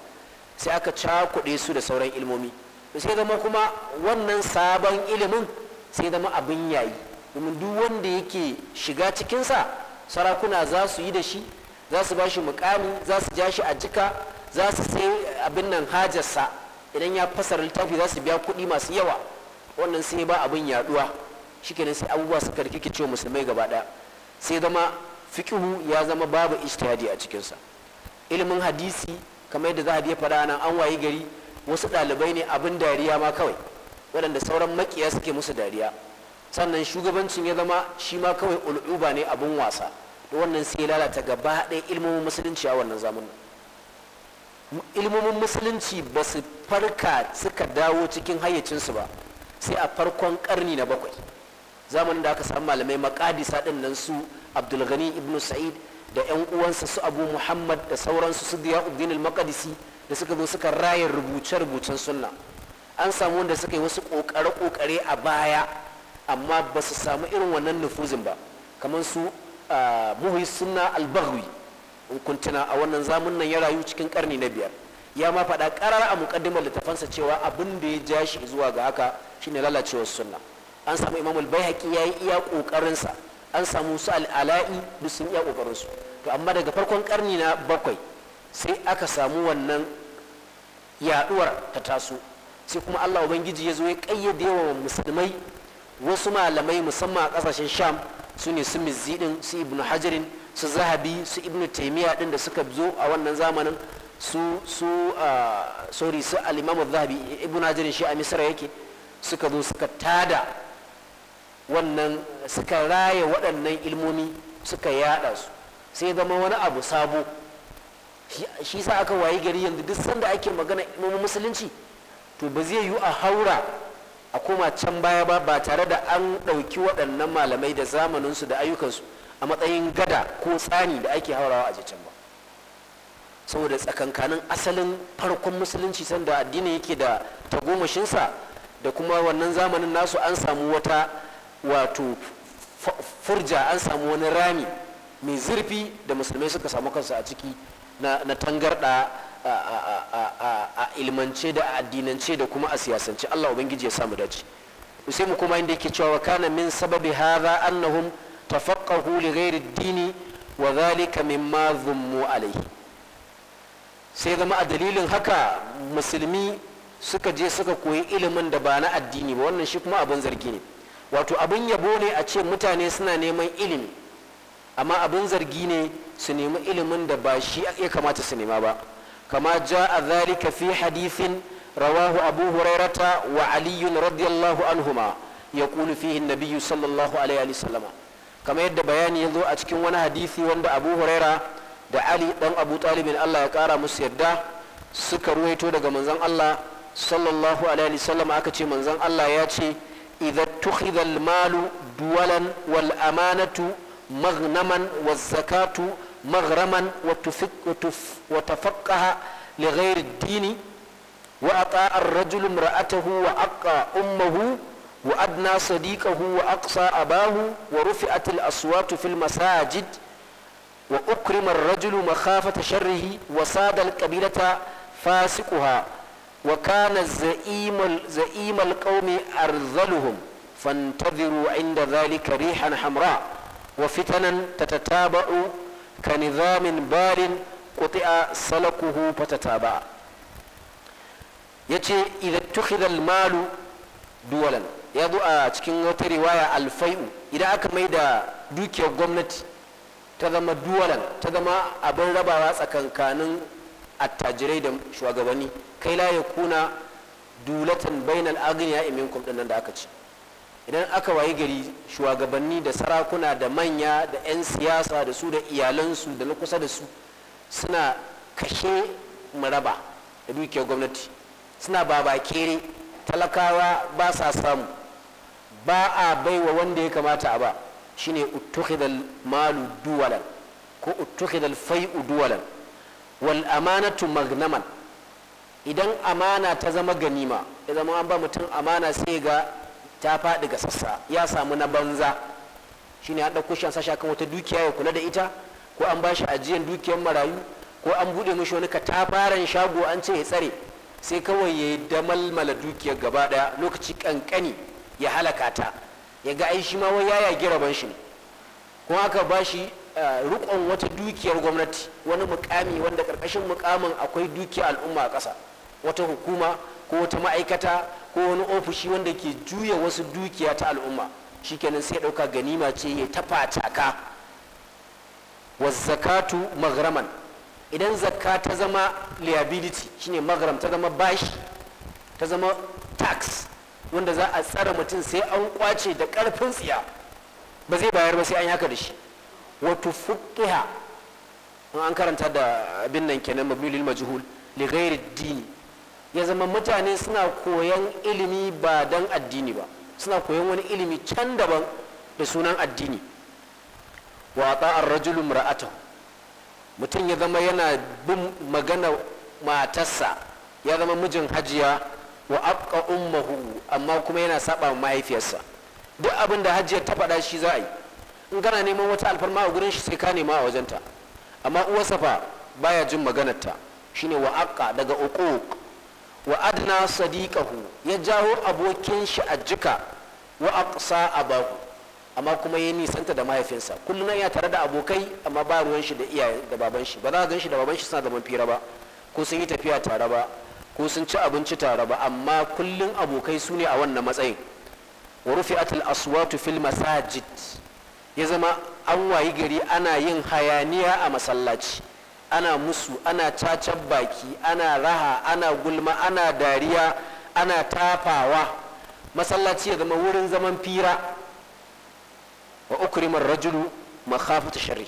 sai aka cakuɗe su da sauran ilmomi sai zama kuma wannan sabon ilimin sai zama abin yayi domin duk wanda yake shiga cikinsa sarakuna za su yi da shi za su ba shi mukami za su ja shi a jika za su sai abin nan hajarsa idan ya fasara littafi za su biya kuɗi masu yawa wannan sai ba abin yaduwa shikenan sai abubuwa suka rikike cewa musulmai gaba ɗaya sai zama fikihu ya zama babu ijtihadi a cikinsa ilimin hadisi kamar yadda zahabi ya faɗa nan an wayi gari wasu ɗalibai ne abin dariya ma kawai waɗanda sauran makiya suke musu dariya sannan shugabancin ya zama shi ma kawai ul'uba ne abin wasa da wannan sai lalata gaba ɗaya ilmomin musulunci a wannan zamanin ilmomin musulunci ba su farka suka dawo cikin hayyacinsu ba sai a farkon karni na bakwai zamanin da aka samu malamai makadisa ɗin nan su abdulghani ibnu sa'id da 'yan uwansa su abu muhammad da sauransu su diya uddin al-maqdisi da suka zo suka raya rubuce-rubucen sunna an samu wanda suka yi wasu kokare-kokare a baya amma ba su samu irin wannan nufuzin ba kamar su muhi sunna al-baghwi in kuntuna a wannan zamanin nan ya rayu cikin karni na biyar ya ma faɗa ƙarar a muƙaddimar littafansa cewa abin da ya ja shi zuwa ga haka shine lalacewar sunna an samu imamul ya yayi iya ƙoƙarinsa an samu su al'ala'i duk sun iya ƙoƙarin su to amma daga farkon karni na bakwai sai aka samu wannan yaɗuwar ta taso sai kuma Allah ubangiji ya zo ya ƙayyade wa musulmai wasu malamai musamman a kasashen sham su ne su mizidin su ibnu hajarin su zahabi su ibnu taimiya ɗin da suka zo a wannan zamanin su su sorry su al zahabi ibnu hajarin shi a misra yake suka zo suka tada wannan suka raya waɗannan ilmomi suka yaɗa su sai zama wani abu sabo shi sa aka wayi gari yanzu duk sanda ake magana ilmomin musulunci to ba zai yiwu a haura a koma can baya ba ba tare da an ɗauki waɗannan malamai da zamaninsu da ayyukansu a matsayin gada ko tsani da ake haurawa a can ba saboda tsakankanin asalin farkon musulunci sanda addini yake da tagomashinsa da kuma wannan zamanin nasu an samu wata wato furja an samu wani rami mai zurfi da musulmai suka samu kansu a ciki na tangarɗa a ilmance da a addinance da kuma a siyasance Allah ubangiji ya samu dace sai mu kuma inda yake cewa kana min sababi hadha annahum tafaqahu li ghairi dini wa dhalika mimma zummu alayhi sai zama a dalilin haka musulmi suka je suka koyi ilimin da ba na addini ba wannan shi kuma abin zargi ne wato abin yabo ne a ce mutane suna neman ilimi amma abin zargi ne su nemi ilimin da ba shi ya kamata su nema ba kama ja a zalika fi hadithin rawahu abu hurairata wa aliyun radiyallahu anhuma ya kulu fihi Nabiyu sallallahu alaihi wasallama kama yadda bayani ya zo a cikin wani hadisi wanda abu huraira da ali dan abu talibin allah ya kara musu yadda suka ruwaito daga manzon allah sallallahu alaihi wasallama aka ce manzon allah ya ce إذا اتخذ المال دولا والأمانة مغنما والزكاة مغرما وتفقه لغير الدين وأطاع الرجل امرأته وأقى أمه وأدنى صديقه وأقصى أباه ورفعت الأصوات في المساجد وأكرم الرجل مخافة شره وساد القبيلة فاسقها wa kana za'imal qaumi arzaluhum fantaziru inda zalika rihan hamra wa fitanan tatataba'u ka nizamin barin quti'a salakuhu fatataba yace idza tukhidha al-malu duwalan ya zo a cikin wata riwaya alfai'u idan aka mai da dukiyar gwamnati ta zama duwalan ta zama abin rabawa tsakankanin attajirai da shugabanni kai la ya kuna dulatan bainal agniya iminkum din nan da aka ci idan aka wayi gari shugabanni da sarakuna da manya da 'yan siyasa da su da iyalansu da na kusa da su suna kashe maraba da dukiyar gwamnati suna babakere talakawa ba sa samu ba a baiwa wanda ya kamata a ba shine utukhidal malu duwalan ko utukhidal fai'u duwalan wal amanatu magnaman idan amana ta zama ganima ya zama an ba mutum amana sai ga ta faɗi ga sassa ya samu na banza shi an ɗauko shi an sashi kan wata dukiya ya kula da ita ko an bashi ajiyan dukiyar marayu ko an buɗe mishi wani katafaren shago an ce ya tsare sai kawai ya yi damalmala dukiyar gaba ɗaya lokaci ƙanƙani ya halaka ta ya ga ai shi ma wai yaya giraban shi ne kuma aka bashi Eh, Rukon wata dukiyar gwamnati wani mukami wanda karkashin mukamin akwai dukiyar al'umma a ƙasa wata hukuma ko wata ma'aikata ko wani ofishi wanda ke juya wasu dukiya ta al'umma shikenan sai ɗauka ganima ce ya tafa taka wazzakatu maghraman idan zakka ta zama liability shine maghram ta zama bashi ta zama tax wanda za a tsara mutum sai an kwace da ƙarfin tsiya ba zai bayar ba sai an yaka da shi wato fukkiha an karanta da abin nan kenan mabnulil majhul li ghairi dini ya zama mutane suna koyan ilimi ba dan addini ba suna koyan wani ilimi can daban da sunan addini wa ta'ar rajul ra'atahu mutum ya zama yana bin magana matarsa ya zama mijin hajiya wa abqa ummuhu amma kuma yana saba mahaifiyarsa duk abin da hajiya ta faɗa shi za a yi in gana neman wata alfarma a gurin shi sai ka nema a wajenta amma uwarsa fa baya jin maganarta shine aqqa daga uquq wa adna sadiqahu ya jawo abokin shi a jika wa aqsa abahu amma kuma ya nisanta da mahaifinsa kullum ya tare da abokai amma ba ruwan shi da iyaye da baban shi ba za gan shi da baban shi suna zaman fira ba ko sun yi tafiya tare ba ko sun ci abinci tare ba amma kullum abokai su ne a wannan matsayin wa rufi'atul aswatu fil masajid ya zama an wayi gari ana yin hayaniya a masallaci ana musu ana cacen baki ana raha ana gulma ana dariya ana tafawa masallaci ya zama wurin zaman fira wa ukrimar rajulu makhafatu shari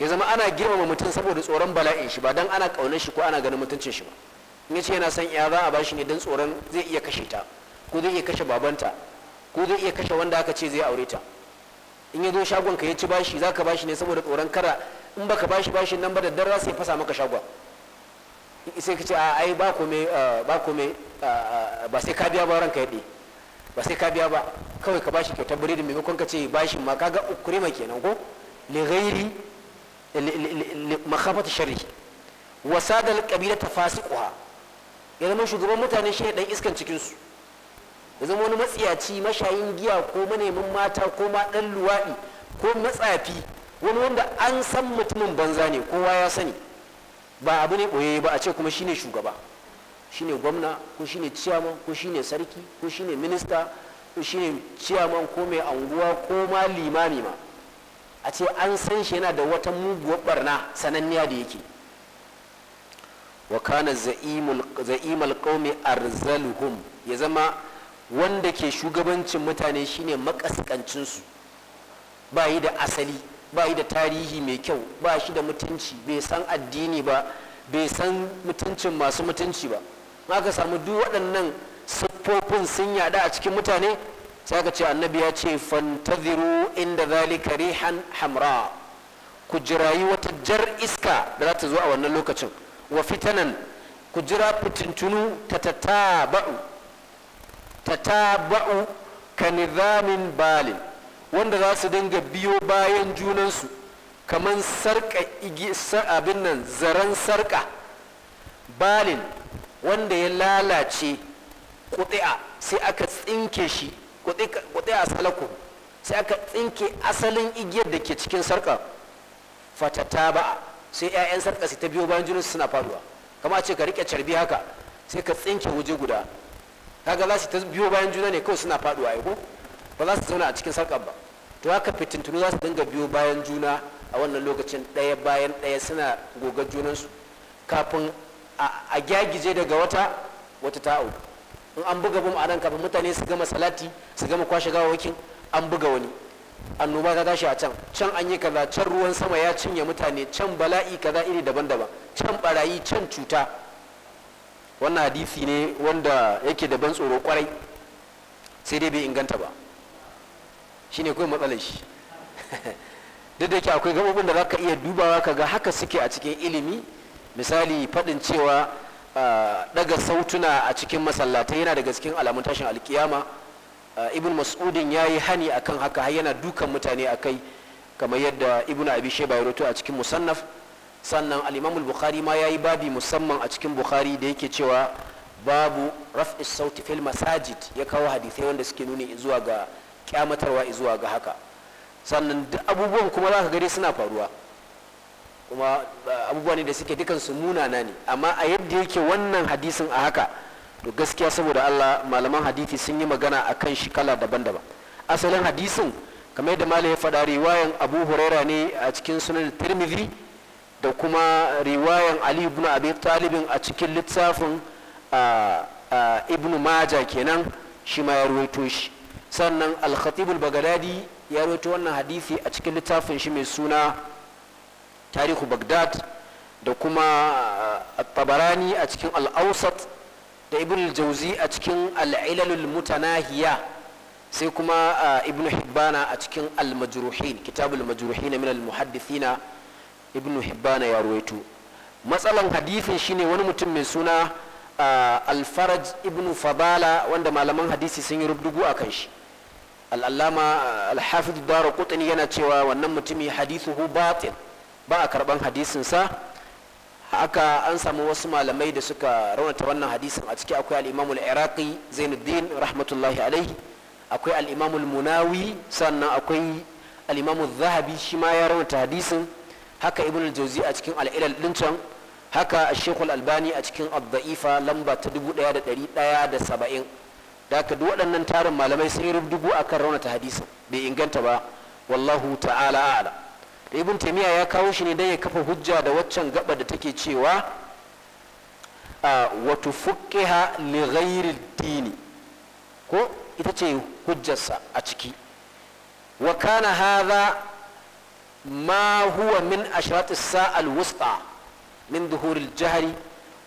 ya zama ana girmama mutum saboda tsoron bala'in shi ba dan ana kaunar shi ko ana ganin mutuncin shi ba in yace yana son iya za a shi ne don tsoron zai iya kashe ta ko zai iya kashe babanta ko zai iya kashe wanda aka ce zai aure ta in ya zo shagon ka ya ci bashi za ka bashi ne saboda tsoron kara in baka bashi bashin nan ba da dara sai fasa maka shagon sai ka ce a ai ba kome eh, ba kome eh, eh, ba sai ka biya ba ranka yadda ba sai ka biya ba kawai ka bashi kyautar biredi maimakon ka ce bashin ma kaga ma kenan ko li ghairi makhafatu sharri wasadal qabila tafasiquha ya zama shugaban mutane shi dan iskan cikin su ya zama wani matsiyaci mashayin giya ko manemin mata ko ma ɗan luwaɗi ko matsafi wani wanda an san mutumin banza ne kowa ya sani ba abu ne ɓoye ba a ce kuma shine shugaba shine gwamna ko shine ciyaman ko shine sarki ko shine minista ko shine ciyaman ko mai anguwa ko ma limami ma a ce an san shi yana da wata muguwar barna sananniya da yake wa kana za'imul qaumi arzaluhum ya zama wanda ke shugabancin mutane shine makaskancinsu ba yi da asali ba yi da tarihi mai kyau ba shi da mutunci bai san addini ba bai san mutuncin masu mutunci ba aka samu duk waɗannan siffofin sun yada a cikin mutane sai aka ce annabi ya ce fantaziru inda zalika rihan hamra ku jirayi wata jar iska da za ta zo a wannan lokacin wa fitanan ku jira fitintunu ta tataba'u tataba'u ka nizamin balin wanda za su dinga biyo bayan junansu kamar sarka abin nan zaren sarka balin wanda ya lalace kudi'a sai aka tsinke shi kudi'a salakun sai aka tsinke asalin igiyar da ke cikin sarka fatata ba sai 'ya'yan sarka su ta biyo bayan junansu suna faruwa kama ce ka rike carbi haka sai ka tsinke waje guda kaga za su ta biyo bayan juna ne kawai suna faduwa ya ko ba za su zauna a cikin sarkar ba to haka fitintunu za su dinga biyo bayan juna a wannan lokacin ɗaya bayan ɗaya suna gogar junansu kafin a gyagije daga wata wata ta auku in an buga bum a nan kafin mutane su gama salati su gama kwashe gawawakin an buga wani annoba ta tashi a can can an yi kaza can ruwan sama ya cinye mutane can bala'i kaza iri daban-daban can barayi can cuta wannan hadisi ne wanda yake da ban tsoro kwarai sai dai bai inganta ba shi ne kawai matsalar shi duk da yake akwai gabobin da za ka iya dubawa ka ga haka suke a cikin ilimi misali faɗin cewa daga ah, sautuna a cikin masallatai yana daga cikin alamun tashin alkiyama ah, ibn mas'udin ya yi hani akan haka har yana dukan mutane a kai kamar yadda ibn abi sheba ya a cikin musannaf sannan alimamul ma bukhari ma yi babi musamman a cikin bukhari da yake cewa babu raf'is sauti fil masajid ya kawo hadisai wanda suke nuni zuwa ga kyamatarwa zuwa ga haka sannan duk abubuwan kuma za ka gari suna faruwa kuma abubuwa ne da suke dukan su munana ne amma a yadda yake wannan hadisin a haka to gaskiya saboda Allah malaman hadisi sun yi magana akan shi kala daban-daban asalin hadisin kamar yadda malam ya faɗa riwayan Abu Huraira ne a cikin sunan Tirmidhi da kuma riwayan ali ibn abi talibin a cikin littafin ibn maja kenan shi ma ya ruwaito shi sannan al-khatib al ya ruwaito wannan hadisi a cikin littafin shi mai suna tarihu bagdad da kuma tabarani a cikin al-awsat da ibn al-jawzi a cikin al-ilalul mutanahiya sai kuma ibn hibbana a cikin al-majruhin kitabul majruhin min al-muhaddithina ibnu hibbana ya ruwaito matsalan hadithin shine wani mutum mai suna alfaraj ibnu fadala wanda malaman hadisi sun yi rubdugu a kan shi al'allama alhafiz dara kutani yana cewa wannan mutumi hadithuhu batin ba a karban hadisinsa haka an samu wasu malamai da suka raunata wannan hadisin a ciki akwai alimamul al'iraqi zainuddin rahmatullahi alaihi akwai al'imamu munawi sannan akwai al'imamu zahabi shi ma ya raunata hadisin haka ibn al-jawzi a cikin al'ilal din can haka ash al-albani a cikin Abda'ifa lamba ta dubu ɗaya da da saba'in haka duk waɗannan tarin malamai sun yi a kan raunata hadisin bai inganta ba wallahu ta'ala a'la da ibn Taimiyya ya kawo shi ne dan ya kafa hujja da waccan gaba da take cewa wa tufaqqiha li ghairi dini ko ita ce hujjarsa a ciki wa kana hadha ma huwa min ashratis sa'al wusta min duhuril jahri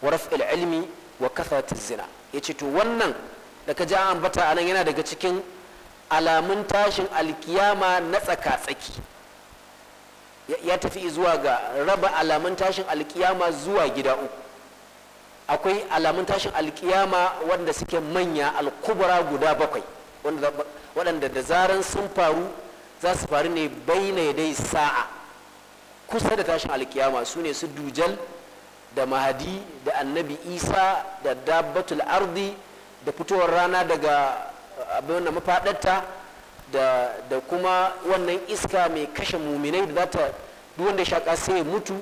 wa raf'il ilmi wa kathratiz zina yace to wannan da ka ji an a nan yana daga cikin alamun tashin alkiyama na tsaka-tsaki ya tafi zuwa ga raba alamun tashin alkiyama zuwa gida uku akwai alamun tashin alkiyama wanda suke manya alkubra guda bakwai waɗanda da zaran sun faru za su faru ne baina dai sa'a kusa da tashin alkiyama su ne su dujal da mahadi da annabi isa da dabbatul ardi da fitowar rana daga eh, abin da mafaɗarta da kuma wannan iska mai kashe muminai da za ta duk wanda shaƙa sai mutu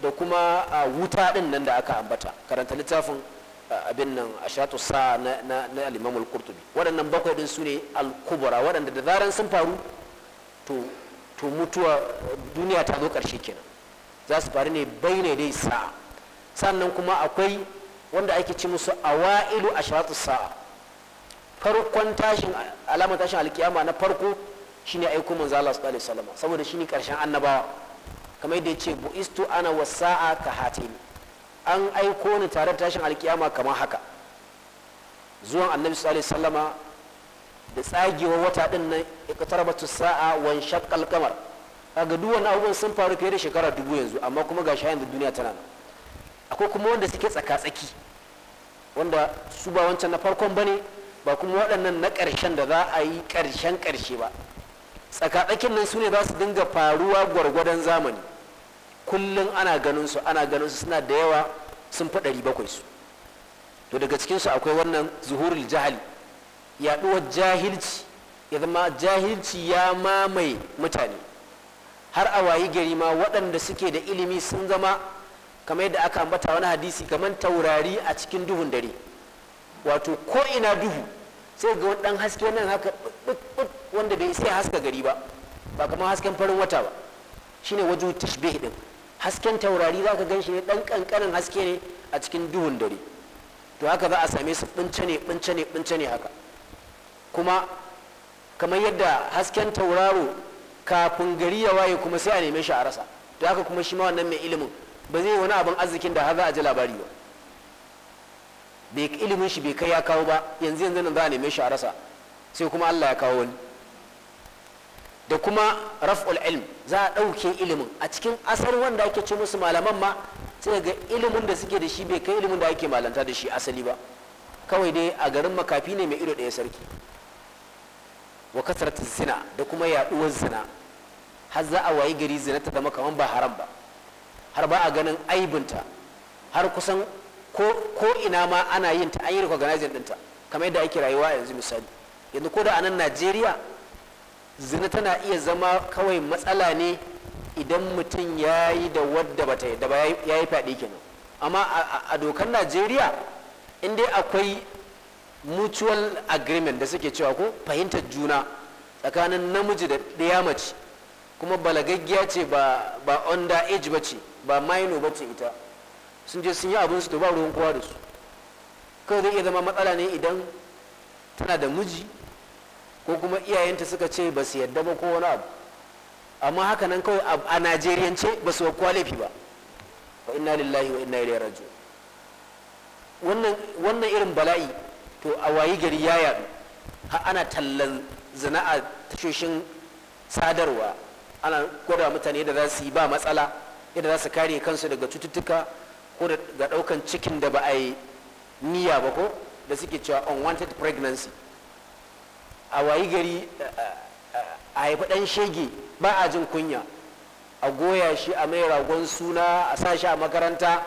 da kuma eh, wuta ɗin nan da aka ambata karanta littafin eh, abin nan a shatu sa na alimamul kurtubi waɗannan bakwai ɗin su ne alkubura waɗanda da zaran sun faru to mutuwa duniya ta zo ƙarshe kenan za su faru ne bai ne dai sa'a sannan kuma akwai wanda ake ci musu awailu ashratu sa'a farkon tashin alamar tashin alkiyama na farko shine aiko manzo Allah sallallahu alaihi wasallam saboda shine karshen annabawa kamar yadda yace buistu ana wasa'a ka ne an aiko ni tare da tashin alkiyama kamar haka zuwan annabi sallallahu alaihi wasallama da tsagewa wata din nan iqtarabatu sa'a wan shaqqal qamar kaga duk wani abubuwan sun faru fiye da shekara dubu yanzu amma kuma ga shayin da duniya tana nan akwai kuma wanda suke tsaka tsaki wanda su ba wancan na farkon bane ba kuma waɗannan na ƙarshen da za a yi ƙarshen ƙarshe ba tsakatsakin nan su ne za su dinga faruwa gwargwadon zamani kullum ana ganin su ana ganin su suna da yawa sun fi ɗari bakwai su to daga cikin su akwai wannan zuhurul jahali yaduwar jahilci ya zama jahilci ya mamaye mutane har a wayi gari ma waɗanda suke da ilimi sun zama kamar yadda aka ambata wani hadisi kamar taurari a cikin duhun dare wato ko ina duhu sai ga wani ɗan haske nan haka wanda bai sai haska gari ba ba kamar hasken farin wata ba shine wajen tashbih din hasken taurari za ka gan shi ne ɗan ƙanƙanin haske ne a cikin duhun dare to haka za a same su ɓince ne ɓince ne ɓince ne haka kuma kamar yadda hasken tauraro kafin gari ya waye kuma sai a neme shi a rasa to haka kuma shi ma wannan mai ilimin ba zai wani abin arzikin da har za a ji labari ba bai ilimin shi bai kai ya kawo ba yanzu yanzu nan za a neme shi a rasa sai kuma Allah ya kawo wani da kuma raf'ul ilm za a ɗauke ilimin a cikin asar wanda ake ce musu malaman ma sai ga ilimin da suke da shi bai kai ilimin da ake malanta da shi asali ba kawai dai a garin makafi ne mai ido ɗaya sarki wa kasaratu zina da kuma yaduwar zina har za a wayi gari zina ta zama kaman ba haram ba har ba a ganin aibinta har kusan ko ina ma ana yin ta an yi recognizing dinta kamar yadda ake rayuwa yanzu misali yanzu ko da a nan najeriya zina tana iya zama kawai matsala ne idan mutum ya yi da wadda bata da ba ya yi fyaɗe kenan amma a dokar najeriya in dai akwai mutual agreement da suke cewa ko fahimtar juna tsakanin namiji da ɗaya mace kuma balagaggiya ce ba ba under age bace ba minor bace ita sun je sun yi abin su da ba ruwan kowa da su kawai zai iya zama matsala ne idan tana da miji ko kuma iyayenta suka ce ba su yadda ba ko wani abu amma haka nan kawai a najeriyance ba su wakwa laifi ba wa inna lillahi wa inna ilaihi wannan irin bala'i to a wayi gari ya yadu har ana tallan zina a tashoshin sadarwa ana gwada mutane da za su yi ba matsala yadda za su kare kansu daga cututtuka ko daga daukan cikin da ba a yi niyya ba ko da suke cewa unwanted pregnancy a wayi gari a haifi dan shege ba a jin kunya a goya shi a mai ragon suna a sa shi a makaranta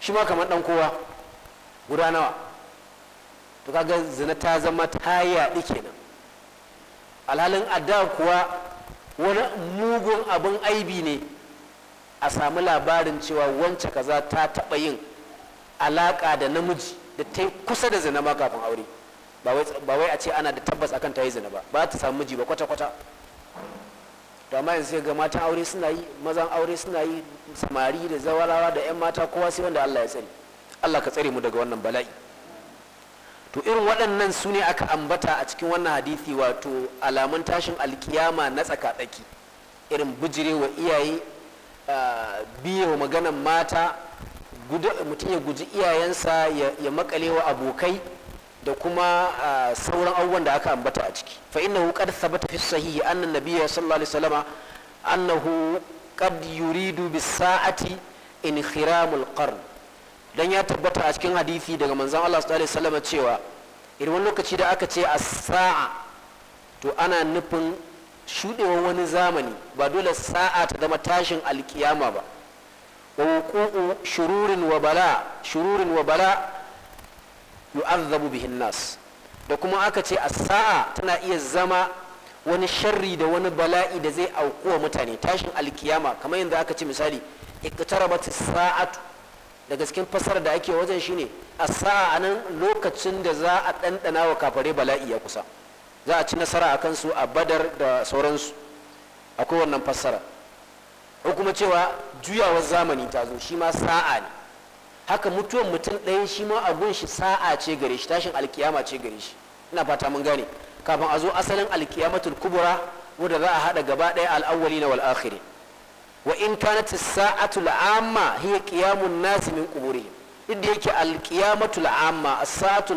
shi ma kamar dan kowa guda nawa to kaga zina ta zama ta yaɗi kenan alhalin adda kuwa wani mugun abin aibi ne a samu labarin cewa wance kaza ta taɓa yin alaƙa da namiji da ta yi kusa da zina ma kafin aure ba wai a ce ana da tabbas akan ta yi zina ba ba ta samu miji ba kwata-kwata to amma yanzu ga matan aure suna yi mazan aure suna yi samari da zawarawa da 'yan mata kowa sai wanda allah ya tsare allah ka tsare mu daga wannan bala'i to irin waɗannan su ne aka ambata a cikin wannan hadisi wato alamun tashin alkiyama na tsakaɗaki irin bijire wa iyaye biye wa maganan mata mutum ya guji iyayensa ya makale wa abokai da kuma sauran abubuwan da aka ambata a ciki fa hu kad sabata fi sahihi anna nabiyya sallallahu alaihi wasallama annahu qad yuridu bis sa'ati inhiramul qarn dan ya tabbata a cikin hadisi daga manzon Allah sallallahu alaihi wasallam cewa idan wani lokaci da aka ce as-sa'a to ana nufin shudewar wani zamani ba dole sa'a ta zama tashin alkiyama ba wa wuqu'u shururin wa bala shururin wa bala yu'azzabu bihin nas da kuma aka ce a saa tana iya zama wani sharri da wani bala'i da zai aukuwa mutane tashin alkiyama kamar yadda aka ce misali iktarabat as-sa'atu daga cikin fasara da ake wajen shine a sa'a nan lokacin da za a ɗanɗana wa kafare bala'i ya kusa za a ci nasara a kansu a badar da sauransu akwai wannan fassara ko kuma cewa juyawar zamani ta zo shi ma sa'a ne haka mutuwan mutum ɗaya shi ma abun shi sa'a ce gare shi tashin alkiyama ce gare shi ina fata mun gane kafin a zo asalin alkiyamatul kubura wanda za a haɗa gaba ɗaya al'awwali na wal akhirin wa in kanat as-sa'atu al-amma hiya qiyamun nas min quburihim yake al-qiyamatu as-sa'atu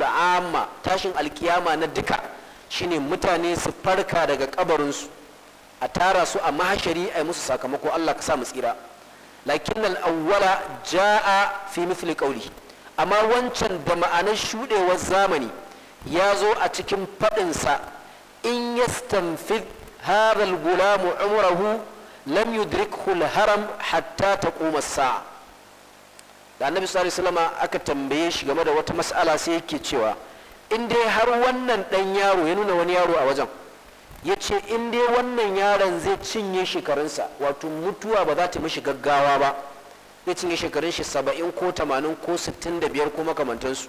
tashin al na duka shine mutane su farka daga kabarin su a tara su a mahashari ai musu sakamako Allah ka sa mu tsira lakin al-awwala jaa fi mithli qawlihi amma wancan da ma'anar shudewar zamani ya zo a cikin faɗinsa in yastamfid hadha al-gulamu umrahu lam yudrikhu al-haram hatta taqum as-sa'a da annabi sallallahu alaihi wasallam aka tambaye shi game da wata mas'ala sai yake cewa in dai har wannan dan yaro ya nuna wani yaro a wajen ya ce in dai wannan yaron zai cinye shekarunsa wato mutuwa ba za ta mishi gaggawa ba zai cinye shekarun shi saba'in ko tamanin ko sittin da biyar ko makamantansu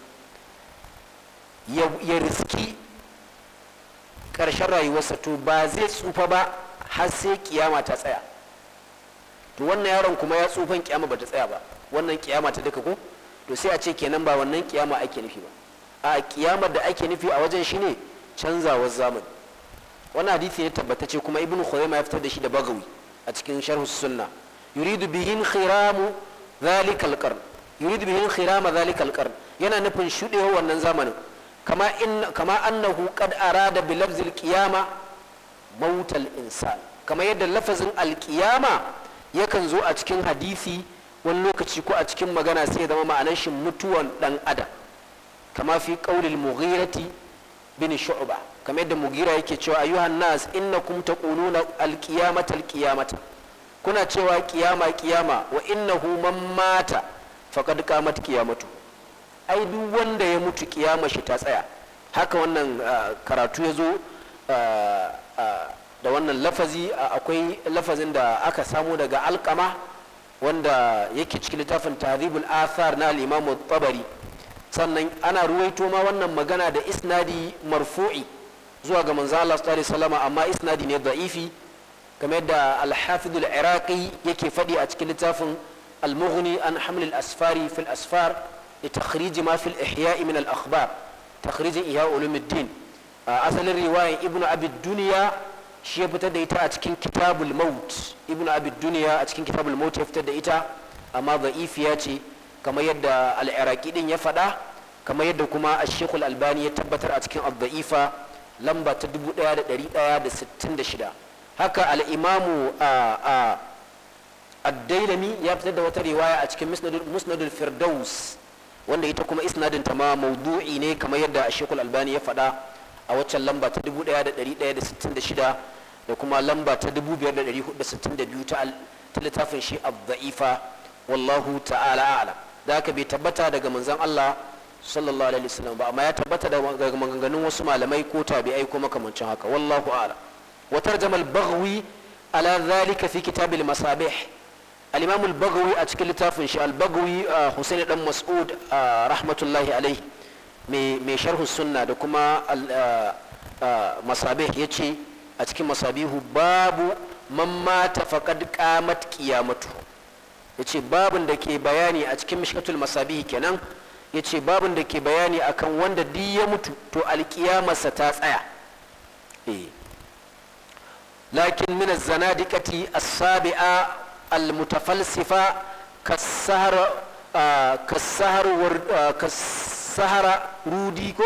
ya riski ƙarshen rayuwarsa to ba zai tsufa ba har sai kiyama ta tsaya to wannan yaron kuma ya tsufan kiyama bata tsaya ba wannan kiyama ta duka ko to sai a ce kenan ba wannan kiyama ake nufi ba a kiyama da ake nufi a wajen shine canzawar zamani wannan hadisi ne tabbatace kuma ibnu khuzaima ya fitar da shi da bagawi a cikin sharh sunna yuridu bihin khiramu dhalika alqarn yuridu bihin khirama dhalika alqarn yana nufin shudewa wannan zamanin kama in kama annahu qad arada bi lafzil qiyama mautal insan kamar yadda lafazin alkiyama yakan zo a cikin hadisi wani lokaci ko a cikin magana sai ya zama ma'anar shi mutuwan dan adam kama fi qaulil mughirati bin shu'ba kamar yadda mugira yake cewa ayyuhan nas innakum taquluna alqiyamata alqiyamata kuna cewa kiyama kiyama wa innahu man mata faqad qamat qiyamatu ai duk wanda ya mutu kiyama shi ta tsaya haka wannan ah, karatu ya zo ah, da wannan lafazi akwai lafazin da aka samu daga alkama wanda yake cikin littafin taribul athar na limamu tabari sannan ana ruwaito ma wannan magana da isnadi marfu'i zuwa ga manzo Allah sallallahu alaihi amma isnadi ne da'ifi kamar yadda al-hafiz al-iraqi yake faɗi a cikin littafin al-mughni an haml al-asfari fil asfar li takhrij ma fil ihya' min al-akhbar takhrij ihya' ulumuddin asalin riwayan ibnu abid duniya shi ya fitar da ita a cikin kitabul maut ibnu abid duniya a cikin kitabul maut ya fitar da ita amma da'ifiya ce kamar yadda al din ya faɗa kamar yadda kuma a shekul albani ya tabbatar a cikin ad lamba ta 1166 haka al'imamu a ad ya fitar da wata riwaya a cikin musnadul firdaus wanda ita kuma isnadin ta ma mawdu'i ne kamar yadda a shekul albani ya faɗa a waccan lamba ta 1166 da kuma lamba ta 5462 ta littafin shi abda'ifa wallahu ta'ala a'lam da aka bai tabbata daga manzon Allah sallallahu alaihi wasallam ba amma ya tabbata daga maganganun wasu malamai ko tabi'ai ko makamancin haka wallahu a'lam wa tarjama al-baghwi ala dhalika fi kitab al-masabih al-imam al-baghwi a cikin littafin shi al-baghwi ah, Husain dan Mas'ud ah, rahmatullahi alaihi mai sharhu sunna da kuma masabih ya ce a cikin masabihu babu man mata faqad qamat ya ce babun da ke bayani a cikin mishkatul masabihi kenan ya ce babun da ke bayani akan wanda duk ya mutu to alkiyamarsa ta tsaya eh. lakin min az-zanadiqati as-sabi'a al-mutafalsifa kas-sahar kas sahara rudi ko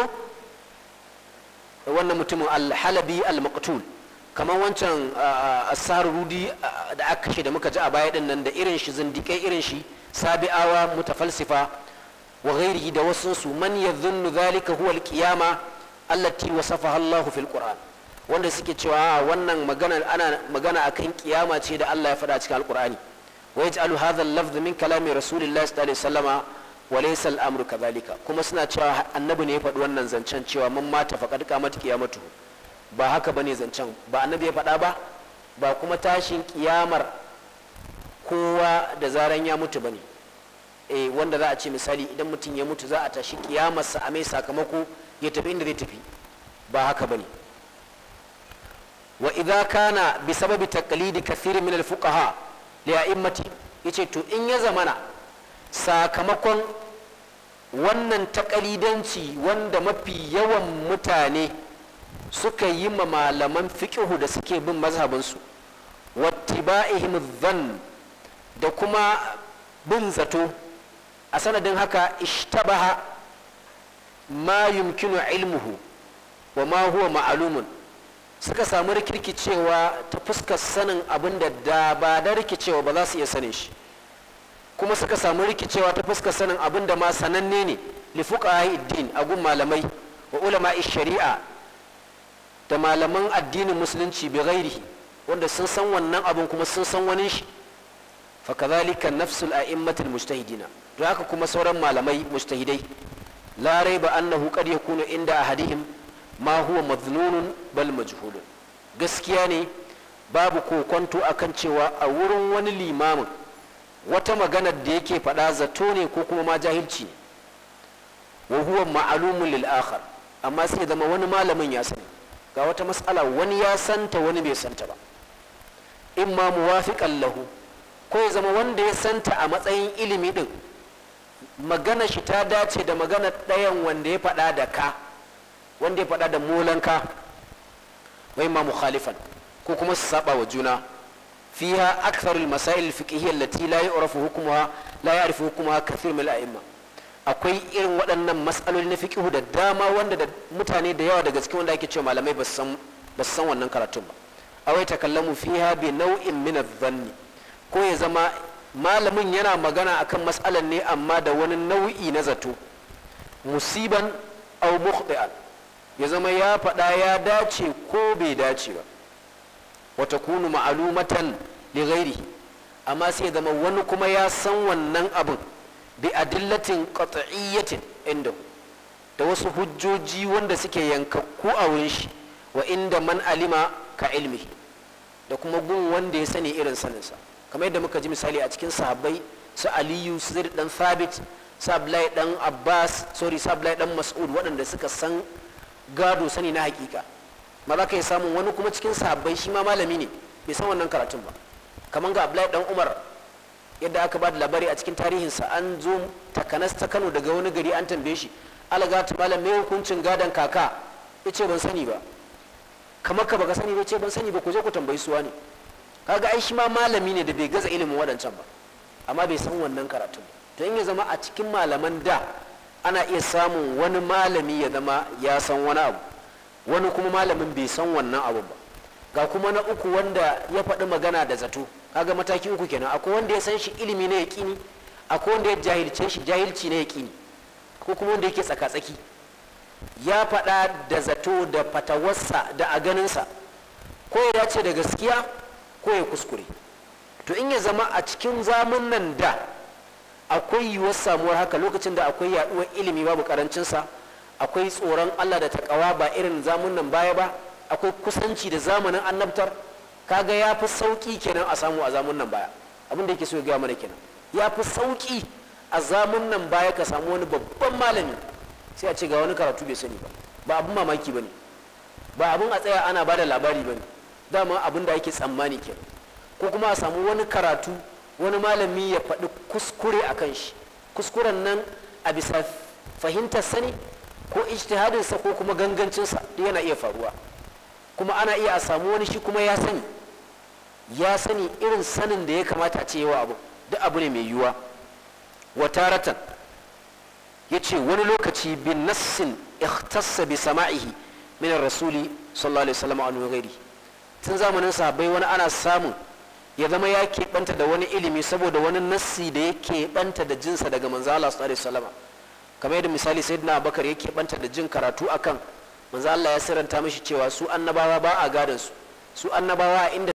wannan mutumin alhalabi almaktul kamar wancan Sahara rudi da aka kashe da muka ji a baya din nan da irin shi zindikai irin shi sabi'awa mutafalsifa wa ghairihi da wasu su man yadhunnu dhalika huwa alqiyama allati wasafaha Allahu fil Qur'an wanda suke cewa wannan magana ana magana akan kiyama ce da Allah ya faɗa cikin alqur'ani wa yaj'alu hadha al-lafdh min kalami rasulillahi sallallahu alaihi wasallama walaisal al-amru kuma suna cewa annabi ne ya faɗi wannan zancen cewa mun mata faqad qamat qiyamatu ba haka bane zancen ba annabi ya faɗa ba ba kuma tashin kiyamar kowa da zaran ya mutu bane eh wanda za a ce misali idan mutum ya mutu za a tashi kiyamarsa a mai sakamako ya tafi inda zai tafi ba haka bane wa idza kana bi sababi taqlidi kathir min al-fuqaha li a'immati yace to in ya zamana sakamakon wannan takalidanci wanda mafi yawan mutane suka yi ma malaman fiƙihu da suke bin mazhabinsu wattiba'ihim zan da kuma bin zato a sanadin haka ishtabaha ma yumkinu ilmuhu wa ma huwa ma'alumun suka samu rikirkicewa ta fuskar sanin abin da da ba da rikicewa ba za su iya sanin shi kuma suka samu rikicewa ta fuskar sanin abin da ma sananne ne li din a gun malamai wa ulama shari'a da malaman addinin musulunci bi ghairihi wanda sun san wannan abin kuma sun san wani shi fa kadhalika nafsul a'immatul mujtahidina don haka kuma sauran malamai mujtahidai la raiba annahu qad yakunu inda ahadihim ma huwa madhnunun bal majhulun gaskiya ne babu kokonto akan cewa a wurin wani limamin wata maganar da yake faɗa zato ne ko kuma ma jahilci ne wa huwa ma'alumun lil akhar amma sai zama wani malamin ya sani ga wata matsala wani ya santa wani bai santa ba imma muwafiqan lahu ko ya zama wanda ya santa a matsayin ilimi din magana shi ta dace da magana ɗayan wanda ya faɗa da ka wanda ya faɗa da molanka wai ma mukhalifan ko kuma su saba wa juna فيها أكثر المسائل الفقهية التي لا يعرف حكمها لا يعرف حكمها كثير من الأئمة akwai irin waɗannan matsaloli na fiƙihu da dama wanda da mutane da yawa daga cikin wanda ake cewa malamai ba su san wannan karatun ba awai takallamu ha bi nau'in min adh ko ya zama malamin yana magana akan matsalan ne amma da wani nau'i na zato musiban au mukhti'an ya zama ya faɗa ya dace ko bai dace ba Wata kunu ma'alumatan li amma sai zama wani kuma ya san wannan abin bi adillatin qat'iyatin inda da wasu hujjoji wanda suke yankakku a wurin shi wa inda man alima ka ilmi da kuma gun wanda ya sani irin saninsa kamar yadda muka ji misali a cikin sahabbai su aliyu su zai dan thabit sablai dan abbas sorry sablai dan mas'ud waɗanda suka san gado sani na hakika ma za ka yi samun wani kuma cikin sahabbai shi ma malami ne bai san wannan karatun ba kamar ga abdullahi dan umar yadda aka ba da labari a cikin tarihinsa an zo takanas ta kano daga wani gari an tambaye shi alaga ta malam hukuncin gadon kaka ya ce ban sani ba kamar ka baka sani ba ce ban sani ba ku je ku tambayi suwa ne kaga ai shi ma malami ne da bai gaza ilimin waɗancan ba amma bai san wannan karatun to in ya zama a cikin malaman da ana iya samun wani malami ya zama ya san wani abu wani kuma malamin bai san wannan abun ba ga kuma na uku wanda ya faɗi magana da zato kaga mataki uku kenan akwai wanda ya san shi ilimi na yaƙini akwai wanda ya jahilce shi jahilci na yaƙini ko kuma wanda yake tsaka-tsaki ya faɗa da zato da fatawarsa da a ganinsa ko ya ce da gaskiya ko ya kuskure to in ya zama a cikin zamun nan da akwai yiwuwar samuwar haka lokacin da akwai yaɗuwar ilimi babu ƙarancinsa akwai tsoron Allah da takawa ba irin zamun nan baya ba akwai kusanci da zamanin annabtar kaga ya fi sauƙi kenan a samu a zamun nan baya abin da yake so ya gaya mana kenan ya fi sauƙi a zamun nan baya ka samu wani babban malami sai a ce ga wani karatu bai sani ba ba abin mamaki ba ne ba abin a tsaya ana bada labari ba ne dama abin da ake tsammani kenan ko kuma a samu wani karatu wani malami ya faɗi kuskure a kan shi kuskuren nan a bisa fahimtar sani ko ijtihadinsa ko kuma gangancinsa duk yana iya faruwa kuma ana iya a samu wani shi kuma ya sani ya sani irin sanin da ya kamata a ce yawa abu duk abu ne mai yiwuwa wataratan ya ce wani lokaci bin nassin ikhtassa bi sama'ihi min rasuli sallallahu alaihi wasallam an ghairi tun zamanin sahabbai wani ana samun ya zama ya keɓanta da wani ilimi saboda wani nassi da ya keɓanta da jinsa daga manzo Allah sallallahu alaihi wasallam kamar yadda misali sayyidina abubakar yake banta da jin karatu akan manzo Allah ya siranta mishi cewa su annabawa ba a gadan su su annabawa inda